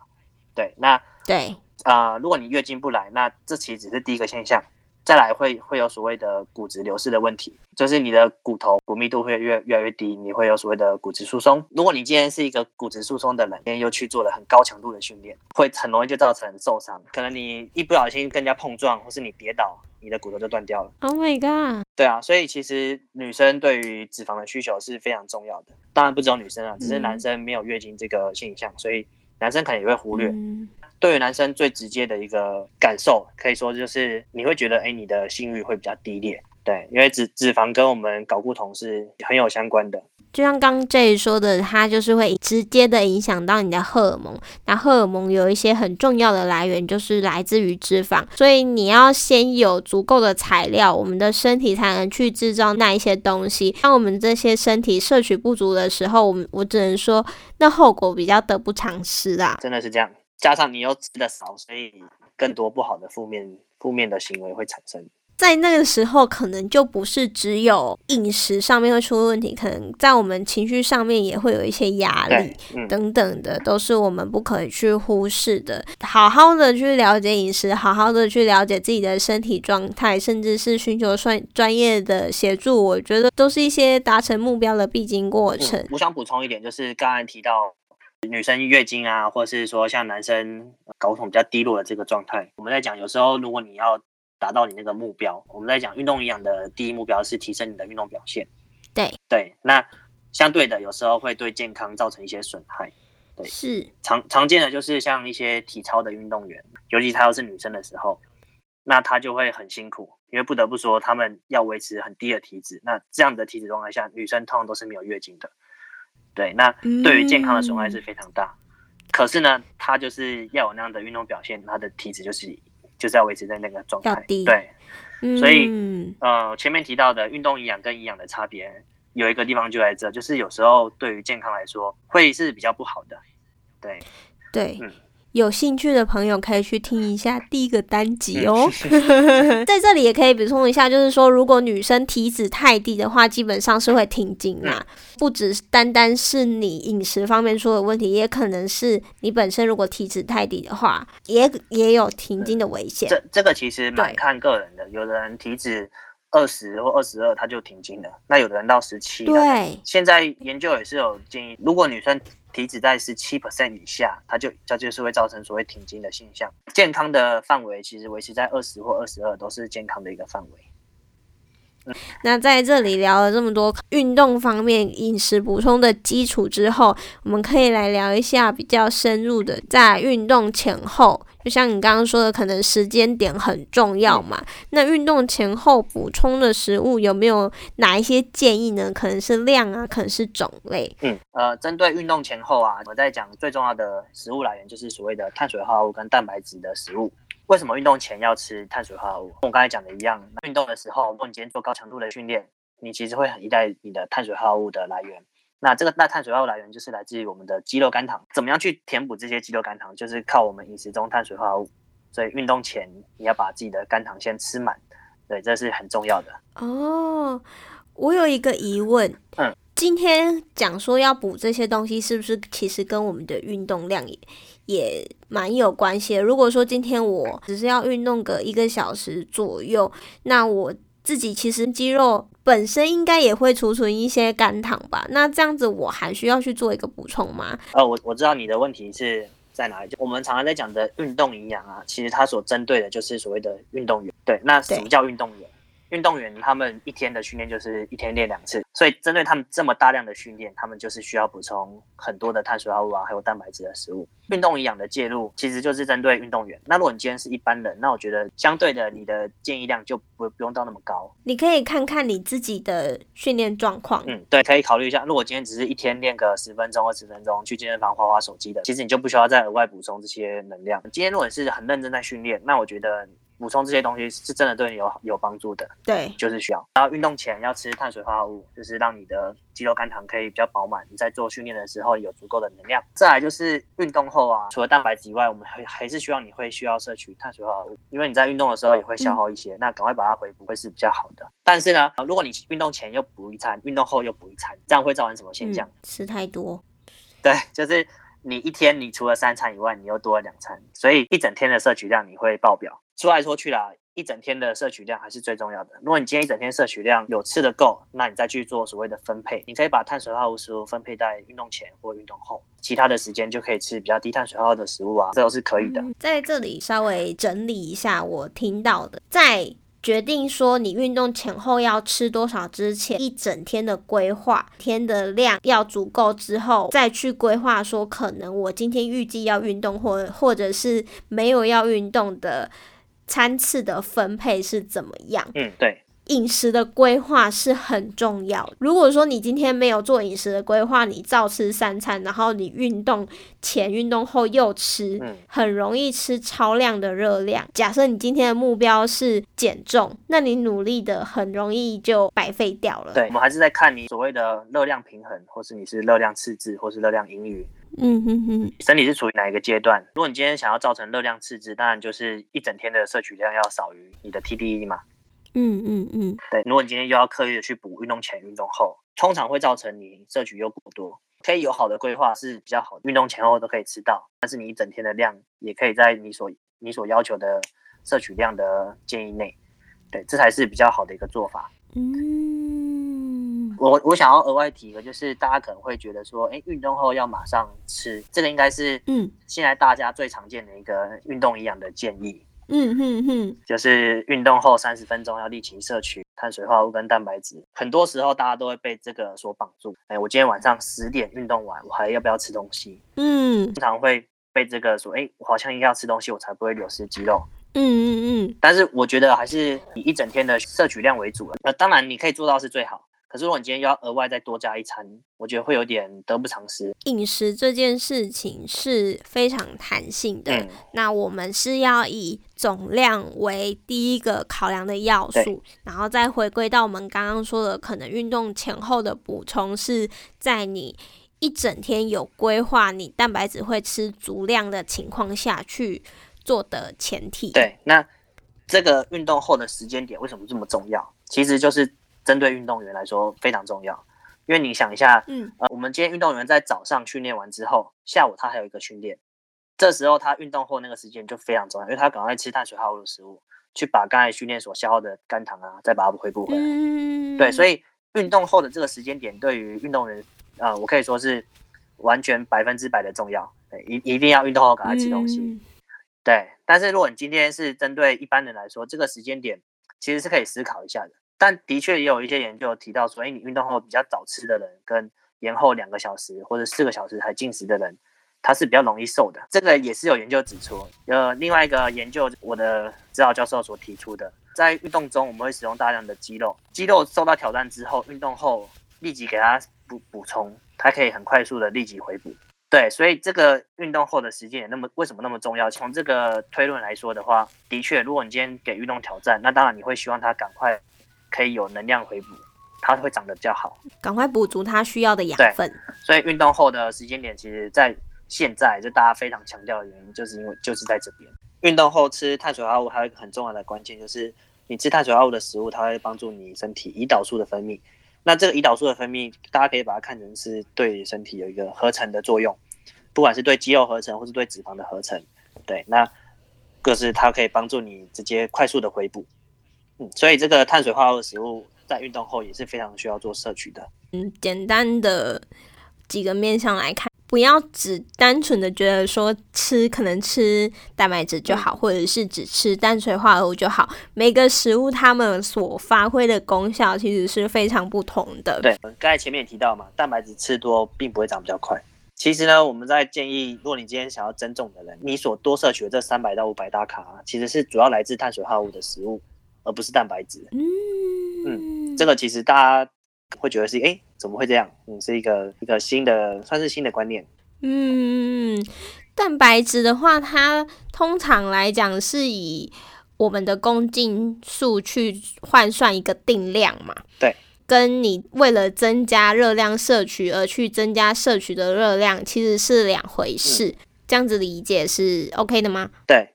對。那對啊、呃，如果你月經不來，那這其實只是第一個現象。再來會會有所謂的骨質流失的問題，就是你的骨頭骨密度會越越來越低，你會有所謂的骨質疏鬆。如果你今天是一個骨質疏鬆的人，今天又去做了很高強度的訓練，會很容易就造成很受傷。可能你一不小心跟人家碰撞，或是你跌倒，你的骨頭就斷掉了。Oh my god！對啊，所以其實女生對於脂肪的需求是非常重要的。當然不只有女生啊，只是男生沒有月經這個現象，嗯、所以男生可能也會忽略。嗯對於男生最直接的一個感受，可以說就是你會覺得，誒，你的性慾會比較低劣。對，因為脂脂肪跟我們睾固酮是很有相關的。就像剛剛 Jay 說的，它就是會直接的影響到你的荷爾蒙。那荷爾蒙有一些很重要的來源，就是來自於脂肪。所以你要先有足夠的材料，我們的身體才能去制造那一些東西。當我們這些身體攝取不足的時候，我們我只能說，那後果比較得不償失啦、啊。真的是這樣。加上你又吃得少，所以更多不好的負面負面的行為會產生。在那個時候，可能就不是只有飲食上面會出問題，可能在我們情緒上面也會有一些壓力、嗯、等等的，都是我們不可以去忽視的。好好的去了解飲食，好好的去了解自己的身體狀態，甚至是尋求專專業的協助，我覺得都是一些達成目標的必經過程。嗯、我想補充一點，就是剛剛提到。女生月經啊，或者是說像男生睾酮比較低落的這個狀態，我們在講，有時候如果你要達到你那個目標，我們在講運動營養的第一目標是提升你的運動表現。對對，那相對的，有時候會對健康造成一些損害。對，是常常見的就是像一些體操的運動員，尤其她要是女生的時候，那她就會很辛苦，因為不得不說她們要維持很低的體脂。那這樣的體脂狀態下，女生通常都是沒有月經的。對，那對於健康的損害是非常大。嗯、可是呢，他就是要有那樣的運動表現，他的體脂就是就是要維持在那個狀態。低對，嗯、所以呃，前面提到的運動營養跟營養的差別，有一個地方就在這，就是有時候對於健康來說會是比較不好的。對，對，嗯。有興趣的朋友可以去聽一下第一個單集哦。 在這裡也可以補充一下，就是說，如果女生體脂太低的話，基本上是會停經啦。不只單單是你飲食方面出了問題，也可能是你本身如果體脂太低的話，也也有停經的危險，嗯。這這個其實蠻看個人的，對有的人體脂二十或二十二，他就停經了。那有的人到十七，對，現在研究也是有建議，如果女生，體脂在十七%以下，它就它就是會造成所謂停經的現象。健康的範圍其實維持在二十或二十二都是健康的一個範圍。那在這裡聊了這麼多運動方面、飲食補充的基礎之後，我們可以來聊一下比較深入的，在運動前後。就像你剛剛說的，可能時間點很重要嘛？嗯。那運動前後補充的食物有沒有哪一些建議呢？可能是量啊，可能是種類。嗯，呃，針對運動前後啊，我在講最重要的食物來源就是所謂的碳水化合物跟蛋白質的食物。為什麼運動前要吃碳水化合物？跟我剛才講的一樣，運動的時候，如果你今天做高強度的訓練，你其實會很依賴你的碳水化合物的來源。那這個大碳水化合物來源就是來自於我們的肌肉肝糖，怎麼樣去填補這些肌肉肝糖，就是靠我們飲食中碳水化合物。所以運動前你要把自己的肝糖先吃滿，對，這是很重要的。哦，我有一個疑問，嗯，今天講說要補這些東西，是不是其實跟我們的運動量也也蠻有關係的？如果說今天我只是要運動個一個小時左右，那我自己其實肌肉本身應該也會儲存一些肝糖吧？那這樣子我還需要去做一個補充嗎？哦、呃，我我知道你的問題是在哪裡，就我們常常在講的運動營養啊，其實它所針對的就是所謂的運動員。對，那什麼叫運動員？運動員他們一天的訓練就是一天練兩次，所以針對他們這麼大量的訓練，他們就是需要補充很多的碳水化合物啊，還有蛋白質的食物。運動營養的介入其實就是針對運動員。那如果你今天是一般人，那我覺得相對的你的建議量就不不用到那麼高。你可以看看你自己的訓練狀況。嗯，對，可以考慮一下。如果今天只是一天練個十分鐘、二十分鐘，去健身房滑滑手機的，其實你就不需要再額外補充這些能量。今天如果你是很認真在訓練，那我覺得。補充這些東西是真的對你有有幫助的，對、嗯，就是需要。然後運動前要吃碳水化合物，就是讓你的肌肉肝糖可以比較飽滿，你在做訓練的時候有足夠的能量。再來就是運動後啊，除了蛋白質以外，我們還還是需要你會需要攝取碳水化合物，因為你在運動的時候也會消耗一些，嗯、那趕快把它回補會是比較好的。但是呢，如果你運動前又補一餐，運動後又補一餐，這樣會造成什麼現象？嗯、吃太多，對，就是。你一天你除了三餐以外，你又多了兩餐，所以一整天的攝取量你會爆表。說來說去啦，一整天的攝取量還是最重要的。如果你今天一整天攝取量有吃得夠，那你再去做所謂的分配，你可以把碳水化合物食物分配在運動前或運動後，其他的時間就可以吃比較低碳水化合物的食物啊，這都是可以的。嗯，在這裡稍微整理一下我聽到的，在。決定說你運動前後要吃多少之前，一整天的規劃，一天的量要足夠之後，再去規劃說可能我今天預計要運動或或者是沒有要運動的，餐次的分配是怎麼樣？嗯，對。飲食的規劃是很重要。如果說你今天沒有做飲食的規劃，你照吃三餐，然後你運動前、運動後又吃，很容易吃超量的熱量。嗯、假設你今天的目標是減重，那你努力的很容易就白費掉了。對，我們還是在看你所謂的熱量平衡，或是你是熱量赤字，或是熱量盈餘。嗯哼哼，身體是處於哪一個階段？如果你今天想要造成熱量赤字，當然就是一整天的攝取量要少於你的 TDE 嘛。嗯嗯嗯，嗯嗯對，如果你今天又要刻意的去補運動前、運動後，通常會造成你攝取又過多，可以有好的規劃是比較好的，運動前後都可以吃到，但是你一整天的量也可以在你所你所要求的攝取量的建議內，對，這才是比較好的一個做法。嗯，我我想要額外提一個就是大家可能會覺得說，哎，運動後要馬上吃，這個應該是嗯，現在大家最常見的一個運動營養的建議。嗯哼哼，就是運動後三十分鐘要立即攝取碳水化合物跟蛋白質，很多時候大家都會被這個所綁住。哎，我今天晚上十點運動完，我還要不要吃東西？嗯，通常會被這個說，哎，我好像一定要吃東西，我才不會流失肌肉。嗯嗯嗯，但是我覺得還是以一整天的攝取量為主了。呃，當然你可以做到是最好。可是，如果你今天要額外再多加一餐，我覺得會有點得不償失。飲食這件事情是非常彈性的，嗯，那我們是要以總量為第一個考量的要素，對然後再回歸到我們剛剛說的，可能運動前後的補充是在你一整天有規劃，你蛋白質會吃足量的情況下去做的前提。對，那這個運動後的時間點為什麼這麼重要？其實就是。針對運動員來說非常重要，因為你想一下，嗯，呃，我們今天運動員在早上訓練完之後，下午他還有一個訓練，這時候他運動後那個時間就非常重要，因為他要趕快吃碳水化合物食物，去把剛才訓練所消耗的肝糖啊，再把它恢復回來。嗯、對，所以運動後的這個時間點對於運動員，啊、呃，我可以說是完全百分之百的重要，對，一一定要運動後趕快吃東西。嗯、對，但是如果你今天是針對一般人來說，這個時間點其實是可以思考一下的。但的確也有一些研究提到，所以你運動後比較早吃的人，跟延後兩個小時或者四個小時才進食的人，他是比較容易瘦的。這個也是有研究指出。呃，另外一個研究，我的指導教授所提出的，在運動中我們會使用大量的肌肉，肌肉受到挑戰之後，運動後立即給他補補充，它可以很快速的立即回補。對，所以這個運動後的時間也那麼為什麼那麼重要？從這個推論來說的話，的確，如果你今天給運動挑戰，那當然你會希望他趕快。可以有能量回補，它會長得比較好。趕快補足它需要的養分。對，所以運動後的時間點，其實，在現在就大家非常強調的原因，就是因為就是在這邊。運動後吃碳水化合物還有一個很重要的關鍵，就是你吃碳水化合物的食物，它會幫助你身體胰島素的分泌。那這個胰島素的分泌，大家可以把它看成是對身體有一個合成的作用，不管是對肌肉合成或是對脂肪的合成，對，那可是它可以幫助你直接快速的回補。嗯、所以，這個碳水化合物食物在運動後也是非常需要做攝取的。嗯，簡單的幾個面向來看，不要只單純的覺得說吃可能吃蛋白質就好，嗯、或者是只吃碳水化合物就好。每個食物它們所發揮的功效其實是非常不同的。對，剛才前面也提到嘛，蛋白質吃多並不會長比較快。其實呢，我們在建議，如果你今天想要增重的人，你所多攝取的這三百到五百大卡，啊，其實是主要來自碳水化合物的食物。而不是蛋白質，嗯，嗯，這個其實大家會覺得是哎、欸、怎麼會這樣？嗯，是一個一個新的算是新的觀念。嗯，蛋白質的話，它通常來講是以我們的公斤數去換算一個定量嘛。對，跟你為了增加熱量攝取而去增加攝取的熱量其實是兩回事，嗯、這樣子理解是 OK 的嗎？對，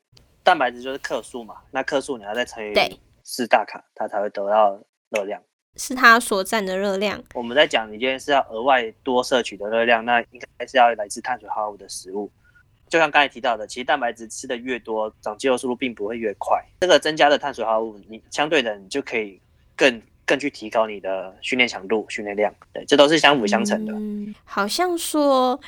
蛋白質就是克數嘛，那克數你要再乘以。對。是大卡，它才會得到熱量，是它所佔的熱量。我們在講，你今天是要額外多攝取的熱量，那應該是要來自碳水化合物的食物。就像剛才提到的，其實蛋白質吃的越多，長肌肉速度並不會越快。這個增加的碳水化合物，你相對的，你就可以更更去提高你的訓練強度、訓練量。對，這都是相輔相成的。嗯，好像說。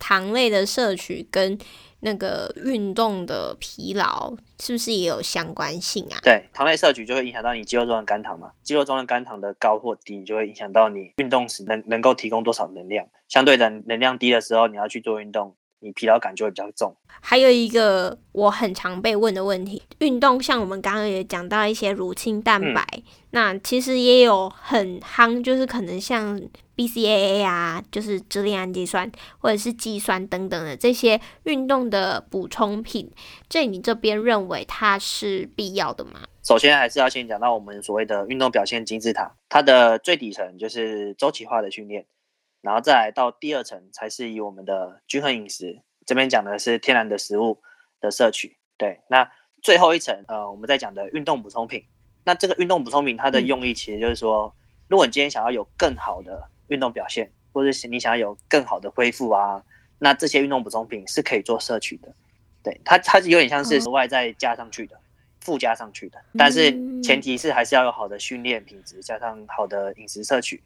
糖類的攝取跟那個運動的疲勞是不是也有相關性啊？對，糖類攝取就會影響到你肌肉中的肝糖嘛，肌肉中的肝糖的高或低，就會影響到你運動時能能夠提供多少能量。相對的，能量低的時候，你要去做運動，你疲勞感就會比較重。還有一個我很常被問的問題，運動像我們剛剛也講到一些乳清蛋白，嗯，那其實也有很夯，就是可能像。BCAA 啊，就是支鏈氨基酸或者是肌酸等等的這些運動的補充品，這你這邊認為它是必要的嗎？首先還是要先講到我們所謂的運動表現金字塔，它的最底層就是周期化的訓練，然後再來到第二層才是以我們的均衡飲食，這邊講的是天然的食物的攝取。對，那最後一層，呃，我們在講的運動補充品，那這個運動補充品它的用意其實就是說，嗯、如果你今天想要有更好的運動表現，或者是你想要有更好的恢復啊，那這些運動補充品是可以做攝取的。對它，它是有點像是額外再加上去的，附加上去的。但是前提是還是要有好的訓練品質，嗯、加上好的飲食攝取，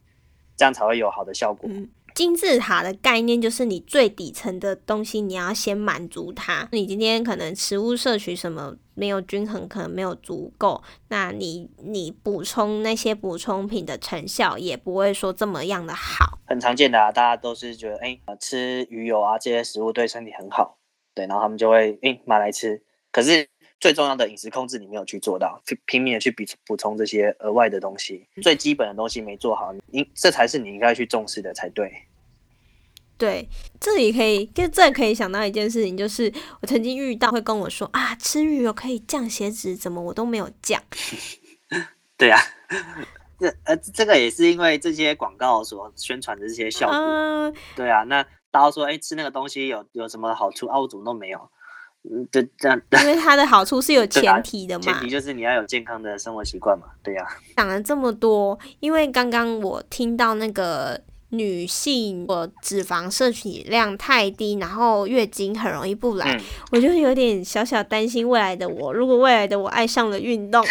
這樣才會有好的效果。嗯金字塔的概念就是你最底層的東西，你要先滿足它。你今天可能食物攝取什麼沒有均衡，可能沒有足夠，那你你補充那些補充品的成效也不會說這麼樣的好。很常見的啊，大家都是覺得，誒、欸呃，吃魚油啊這些食物對身體很好，對，然後他們就會，誒、欸、買來吃。可是最重要的飲食控制你沒有去做到，拼命的去補補充這些額外的東西，嗯、最基本的東西沒做好，你這才是你應該去重視的才對。對，這裡可以就這可以想到一件事情，就是我曾經遇到會跟我說啊，吃魚油，哦，可以降血脂，怎麼我都沒有降？ 對啊，這呃這個也是因為這些廣告所宣傳的這些效果。啊對啊，那大家說哎、欸、吃那個東西有有什麼好處啊？我怎麼都沒有。嗯，對這樣，因為它的好處是有前提的嘛，啊、前提就是你要有健康的生活習慣嘛，對呀、啊。講了這麼多，因為剛剛我聽到那個女性我脂肪攝取量太低，然後月經很容易不來，嗯、我就有點小小擔心未來的我，如果未來的我愛上了運動，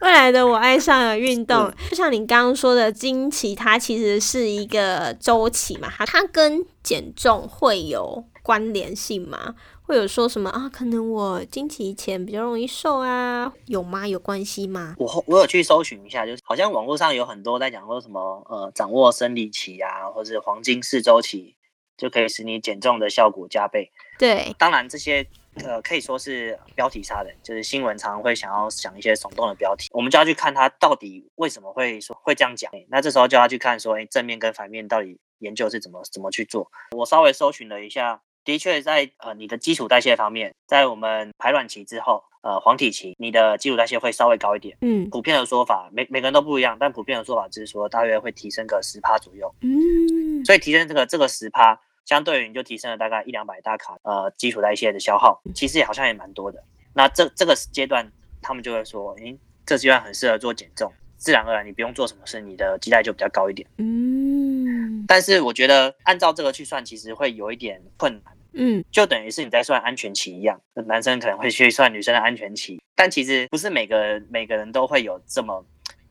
未來的我愛上了運動，嗯、就像你剛剛說的經期，它其實是一個周期嘛，它它跟減重會有。關聯性嘛，會有說什麼啊？可能我經期前比較容易瘦啊，有嗎？有關係嗎？我我有去搜尋一下，就是好像網絡上有很多在講說什麼呃，掌握生理期啊，或是黃金四周期，就可以使你減重的效果加倍。對，當然這些呃可以說是標題殺人，就是新聞常會想要想一些聳動的標題，我們就要去看它到底為什麼會說會這樣講。那這時候就要去看說，誒，正面跟反面到底研究是怎麼怎麼去做？我稍微搜尋了一下。的確，在呃你的基礎代謝方面，在我們排卵期之後，呃黃體期，你的基礎代謝會稍微高一點。嗯，普遍的說法，每每個人都不一樣，但普遍的說法就是說，大約會提升個十趴左右。嗯，所以提升這個這個十趴，相對於你就提升了大概一兩百大卡，呃基礎代謝的消耗，其實也好像也蠻多的。那這這個階段，他們就會說，嗯、欸，這階段很適合做減重，自然而然你不用做什麼事，你的基代就比較高一點。嗯，但是我覺得按照這個去算，其實會有一點困難。嗯，就等於是你在算安全期一樣，男生可能會去算女生的安全期，但其實不是每個每個人都會有這麼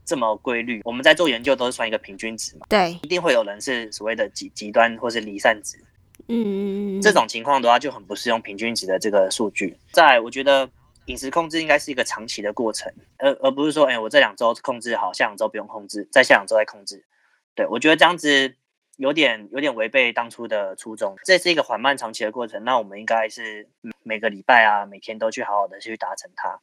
這麼規律。我們在做研究都是算一個平均值嘛，對，一定會有人是所謂的極極端或是離散值。嗯嗯嗯，這種情況的話就很不適用平均值的這個數據。再來我覺得飲食控制應該是一個長期的過程，而而不是說，哎，我這兩周控制好，好下兩周不用控制，再下兩周再控制。對，我覺得這樣子。有點有點違背當初的初衷，這是一個緩慢長期的過程。那我們應該是每個禮拜啊，每天都去好好的去達成它，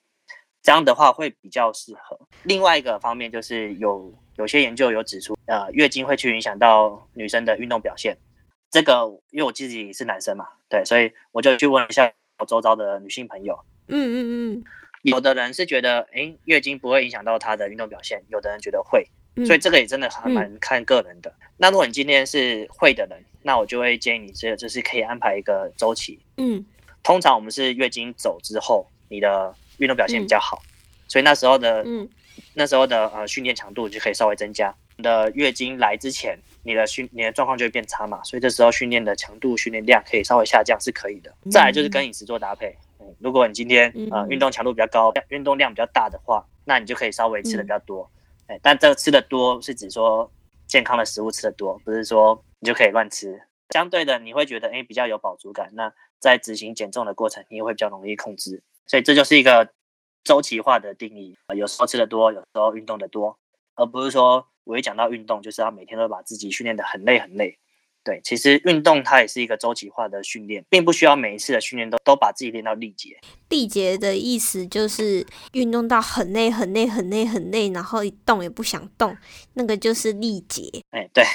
這樣的話會比較適合。另外一個方面就是有有些研究有指出，呃，月經會去影響到女生的運動表現。這個因為我自己是男生嘛，對，所以我就去問一下我周遭的女性朋友。嗯嗯嗯，有的人是覺得，欸，月經不會影響到她的運動表現，有的人覺得會。所以這個也真的還蠻看個人的。嗯嗯、那如果你今天是會的人，那我就會建議你這個就是可以安排一個週期。嗯，通常我們是月經走之後，你的運動表現比較好，嗯、所以那時候的，嗯、那時候的呃訓練強度就可以稍微增加。你的月經來之前，你的訓你的狀況就會變差嘛，所以這時候訓練的強度、訓練量可以稍微下降是可以的。嗯、再來就是跟飲食做搭配。嗯、如果你今天啊，呃、運動強度比較高，運動量比較大的話，那你就可以稍微吃的比較多。嗯嗯哎，但這個吃得多是指說健康的食物吃得多，不是說你就可以亂吃。相對的，你會覺得哎、欸、比較有飽足感，那在執行減重的過程，你也會比較容易控制。所以這就是一個周期化的定義，有時候吃得多，有時候運動得多，而不是說我一講到運動就是要每天都把自己訓練得很累很累。對，其實運動它也是一個周期化的訓練，並不需要每一次的訓練都都把自己練到力竭。力竭的意思就是運動到很累、很累、很累、很累，然後一動也不想動，那個就是力竭。哎，對，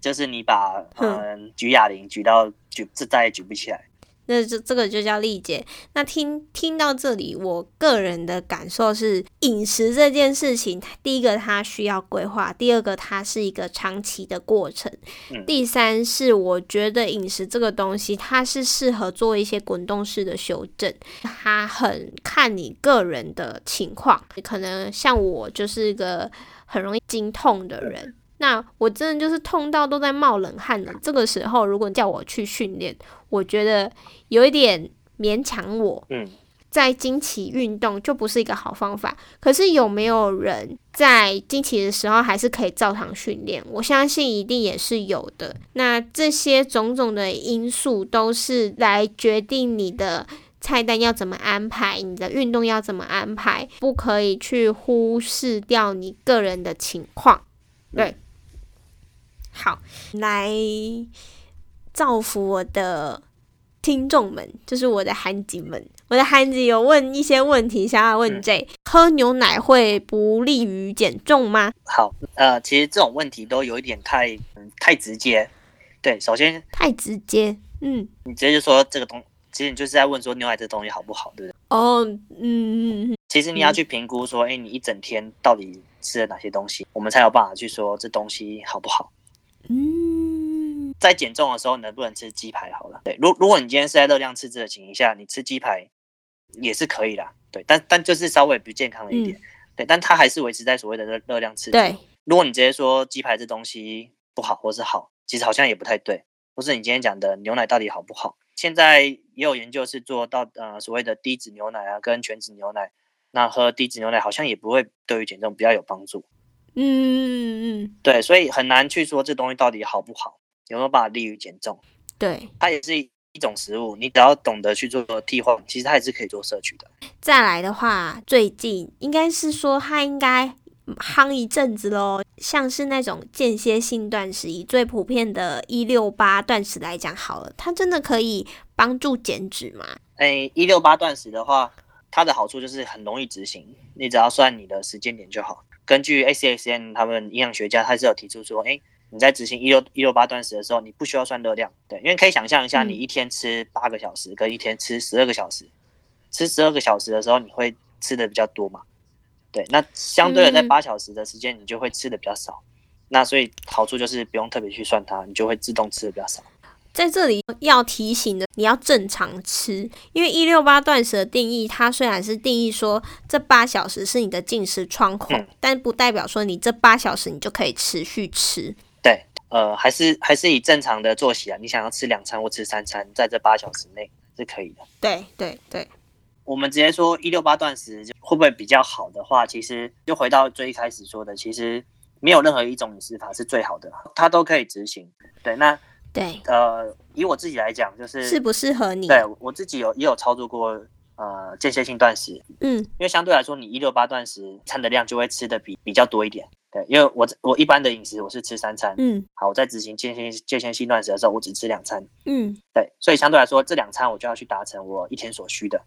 就是你把嗯舉啞鈴舉到舉，再舉不起來。那這這個就叫力竭。那聽聽到這裡，我個人的感受是，飲食這件事情，第一個它需要規劃，第二個它是一個長期的過程，嗯、第三是我覺得飲食這個東西，它是適合做一些滾動式的修正，它很看你個人的情況。可能像我就是一個很容易經痛的人。嗯那我真的就是痛到都在冒冷汗了。這個時候，如果叫我去訓練，我覺得有一點勉強我。嗯，在經期運動就不是一個好方法。可是有沒有人在經期的時候還是可以照常訓練？我相信一定也是有的。那這些種種的因素都是來決定你的菜單要怎麼安排，你的運動要怎麼安排，不可以去忽視掉你個人的情況。對。嗯好，來造福我的聽眾們，就是我的韓籍們。我的韓籍有問一些問題，想要問 Jay：嗯、喝牛奶會不利於減重嗎？好，呃，其實這種問題都有一點太、嗯、太直接。對，首先太直接，嗯，你直接就說這個東西，其實你就是在問說牛奶這東西好不好，對不對？哦，嗯嗯嗯。其實你要去評估說，哎、嗯欸，你一整天到底吃了哪些東西，我們才有辦法去說這東西好不好。嗯，在減重的時候，能不能吃雞排？好了，對，如如果你今天是在熱量赤字的情況下，你吃雞排也是可以的，對，但但就是稍微不健康了一點，嗯、對，但它還是維持在所謂的熱熱量赤字。對，如果你直接說雞排這東西不好或是好，其實好像也不太對。或是你今天講的牛奶到底好不好？現在也有研究是做到呃所謂的低脂牛奶啊跟全脂牛奶，那喝低脂牛奶好像也不會對於減重比較有幫助。嗯嗯嗯，對，所以很難去說這東西到底好不好，有沒有辦法利於減重？對，它也是一種食物，你只要懂得去做，做替換，其實它也是可以做攝取的。再來的話，最近應該是說它應該夯一陣子嘍，像是那種間歇性斷食，以最普遍的一六八斷食來講好了，它真的可以幫助減脂嗎？哎、欸，一六八斷食的話，它的好處就是很容易執行，你只要算你的時間點就好。根據 ACSM 他們營養學家他是有提出說，哎、欸，你在執行一六一六八斷食的時候，你不需要算熱量，對，因為可以想象一下，你一天吃八個小時跟一天吃十二個小時，吃十二個小時的時候，你會吃的比較多嘛，對，那相對的在八小時的時間，你就會吃的比較少，嗯、那所以好處就是不用特別去算它，你就會自動吃的比較少。在這裡要提醒的，你要正常吃，因為一六八斷食的定義，它雖然是定義說這八小時是你的進食窗口，嗯、但不代表說你這八小時你就可以持續吃。對，呃，還是還是以正常的作息啊，你想要吃兩餐或吃三餐，在這八小時內是可以的。對對對，對對，我們直接說一六八斷食會不會比較好的話，其實就回到最一開始說的，其實沒有任何一種飲食法是最好的，它都可以執行。對，那。對，呃，以我自己來講，就是適不適合你？對，我自己有也有操作過，呃，間歇性斷食。嗯，因為相對來說，你一六八斷食，餐的量就會吃的比比較多一點。對，因為我我一般的飲食我是吃三餐。嗯，好，我在執行間歇間歇性斷食的時候，我只吃兩餐。嗯，對，所以相對來說這兩餐我就要去達成我一天所需的。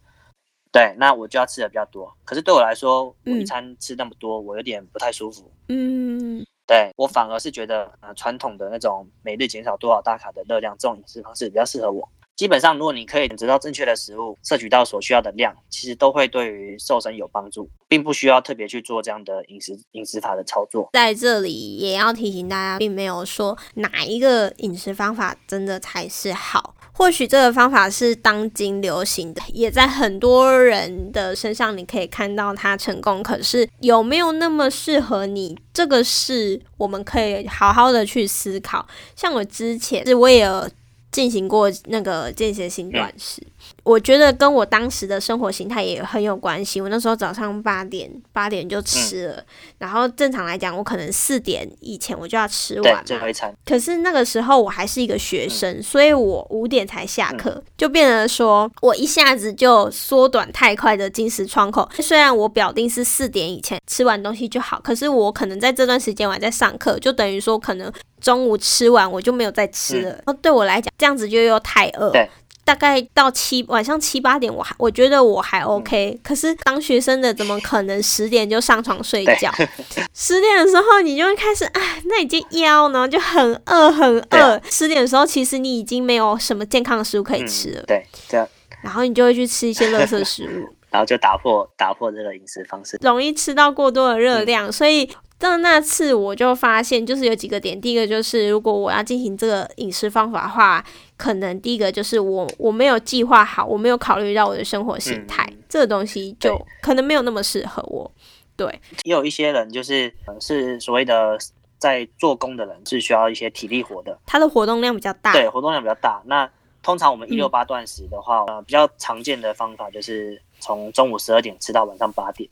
對，那我就要吃的比較多。可是對我來說，我一餐吃那麼多，嗯、我有點不太舒服。嗯。對，我反而是覺得，呃，傳統的那種每日減少多少大卡的熱量，這種飲食方式比較適合我。基本上，如果你可以得到正確的食物，攝取到所需要的量，其實都會對於瘦身有幫助，並不需要特別去做這樣的飲食飲食法的操作。在這裡也要提醒大家，並沒有說哪一個飲食方法真的才是好。或許這個方法是當今流行的，也在很多人的身上你可以看到它成功。可是有沒有那麼適合你，這個是我們可以好好的去思考。像我之前是為了。進行過那個間歇性斷食。我覺得跟我當時的生活形態也很有關係。我那時候早上八點八點就吃了，嗯、然後正常來講，我可能四點以前我就要吃完嘛。最後一餐。可是那個時候我還是一個學生，嗯、所以我五點才下課，嗯、就變成說我一下子就縮短太快的進食窗口。雖然我表定是四點以前吃完東西就好，可是我可能在這段時間我還在上課，就等於說可能中午吃完我就沒有再吃了。嗯、然後對我來講，這樣子就又太餓。大概到七，晚上七八點我，我還我覺得我還 OK，、嗯、可是當學生的怎麼可能十點就上床睡覺？對 十點的時候你就會開始唉，那已經枵呢，就很餓很餓。啊、十點的時候其實你已經沒有什麼健康的食物可以吃了，嗯、對，這樣然後你就會去吃一些垃圾食物， 然後就打破打破這個飲食方式，容易吃到過多的熱量，嗯、所以。但那次我就發現，就是有幾個點。第一個就是，如果我要進行這個飲食方法的話，可能第一個就是我我沒有計劃好，我沒有考慮到我的生活型態，嗯、這個東西就可能沒有那麼適合我。對，對也有一些人就是是所謂的在做工的人，是需要一些體力活的，他的活動量比較大。對，活動量比較大。那通常我們一六八斷食的話，嗯、呃，比較常見的方法就是從中午十二點吃到晚上八點。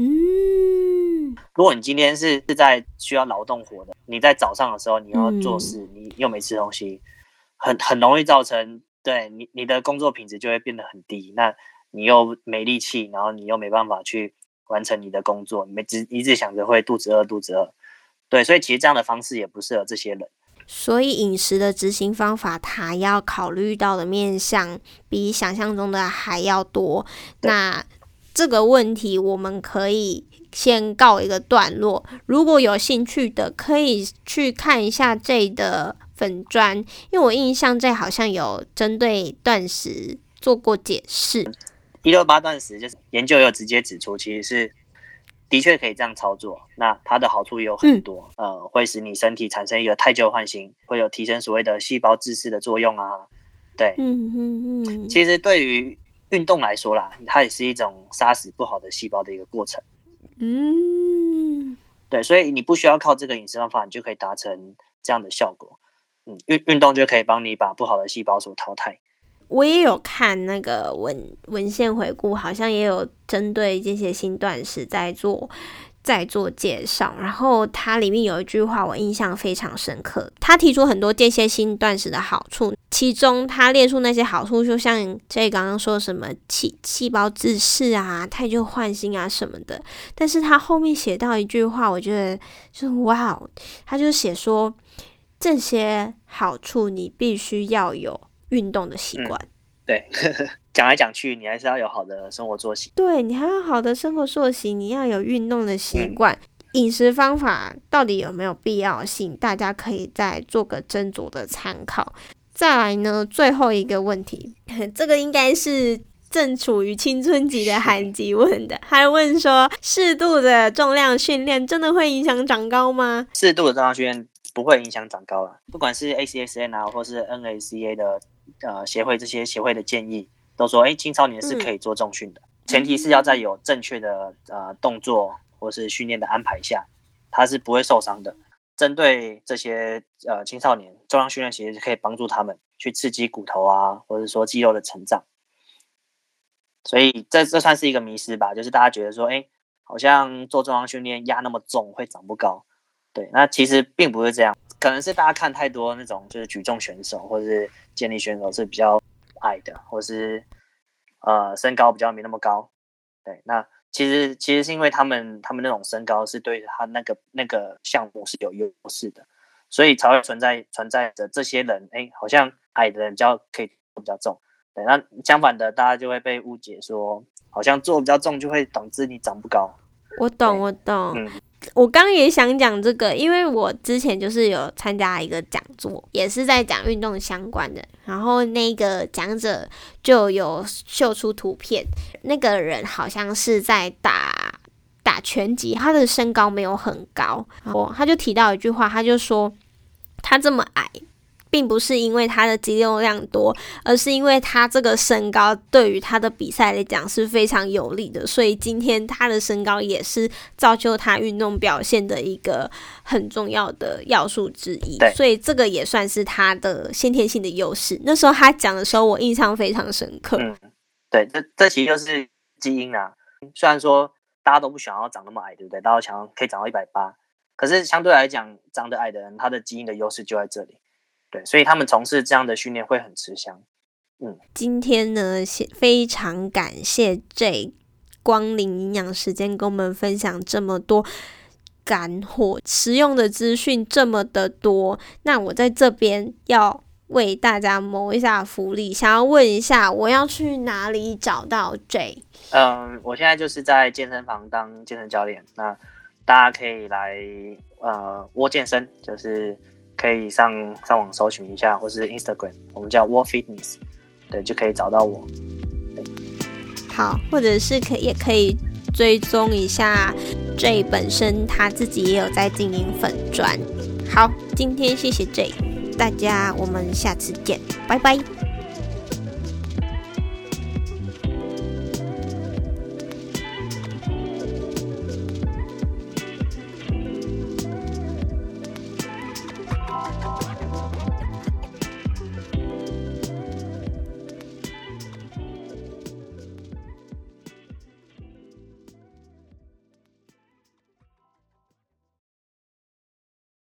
嗯，如果你今天是，是在需要勞動活的，你在早上的時候你要做事，嗯、你又沒吃東西，很很容易造成對你你的工作品質就會變得很低。那你又沒力氣，然後你又沒辦法去完成你的工作，你一一直想着會肚子餓，肚子餓。對，所以其實這樣的方式也不適合這些人。所以飲食的執行方法，它要考慮到的面向比想象中的還要多。對那。這個問題我們可以先告一個段落。如果有興趣的，可以去看一下這的粉專，因為我印象這好像有針對斷食做過解釋。一六八斷食就是研究有直接指出，其實是的確可以這樣操作。那它的好處有很多，嗯、呃，會使你身體產生一個汰舊換新，會有提升所謂的細胞自噬的作用啊。對，嗯嗯嗯。嗯嗯其實對於運動來說啦，它也是一種殺死不好的細胞的一個過程。嗯，對，所以你不需要靠這個飲食方法，你就可以達成這樣的效果。嗯，運運動就可以幫你把不好的細胞所淘汰。我也有看那個文文獻回顧，好像也有針對這些新斷食在做。再做介紹，然後它裡面有一句話我印象非常深刻。他提出很多間歇性斷食的好處，其中他列出那些好處，就像 Jay 剛剛說什麼氣細胞自噬啊、汰舊換新啊什麼的。但是他後面寫到一句話，我覺得就是哇，他就寫說，這些好處你必須要有運動的習慣。嗯、對。 講來講去，你還是要有好的生活作息。對，你還有好的生活作息，你要有運動的習慣。嗯、飲食方法到底有沒有必要性？大家可以再做個斟酌的參考。再來呢，最後一個問題，這個應該是正處於青春期的韓籍問的，是還問說適度的重量訓練真的會影響長高嗎？適度的重量訓練不會影響長高啊。不管是 ACSN、啊、或是 NACA 的呃協會這些協會的建議。都說誒，青少年是可以做重訓的，嗯、前提是要在有正確的呃動作或是訓練的安排下，他是不會受傷的。針對這些呃青少年，重量訓練其實是可以幫助他們去刺激骨頭啊，或者說肌肉的成長。所以這這算是一個迷思吧，就是大家覺得說，誒，好像做重量訓練壓那麼重會長不高。對，那其實並不是這樣，可能是大家看太多那種就是舉重選手或者是健力選手是比較，矮的，或是呃身高比較沒那麼高，對，那其實其實是因為他們他們那種身高是對他那個那個項目是有優勢的，所以才會存在存在着這些人，哎、欸，好像矮的人比較可以比較重，對，那相反的大家就會被誤解說，好像做比較重就會導致你長不高。我懂，對我懂。嗯。我剛也想講這個，因為我之前就是有參加一個講座，也是在講運動相關的。然後那個講者就有秀出圖片，那個人好像是在打打拳擊，他的身高沒有很高。然後他就提到一句話，他就說他這麼矮。並不是因為他的肌肉量多，而是因為他這個身高對於他的比賽來講是非常有利的，所以今天他的身高也是造就他運動表現的一個很重要的要素之一。對，所以這個也算是他的先天性的優勢。那時候他講的時候，我印象非常深刻。嗯，對，這這其實就是基因啊。雖然說大家都不想要長那麼矮，對不對？大家想要可以長到一百八，可是相對來講，長得矮的人他的基因的優勢就在這裡。對，所以他們從事這樣的訓練會很吃香。嗯，今天呢，非常感謝 J 光臨營養時間，跟我們分享這麼多乾貨實用的資訊，這麼的多。那我在這邊要為大家謀一下福利，想要問一下，我要去哪裡找到 J？嗯，我現在就是在健身房當健身教練，那大家可以來呃窩健身，就是。可以上上網搜尋一下，或是 Instagram，我們叫 War Fitness，對，就可以找到我。好，或者是可也可以追蹤一下 Jay 本身他自己也有在經營粉專。好，今天謝謝 Jay，大家，我們下次見，拜拜。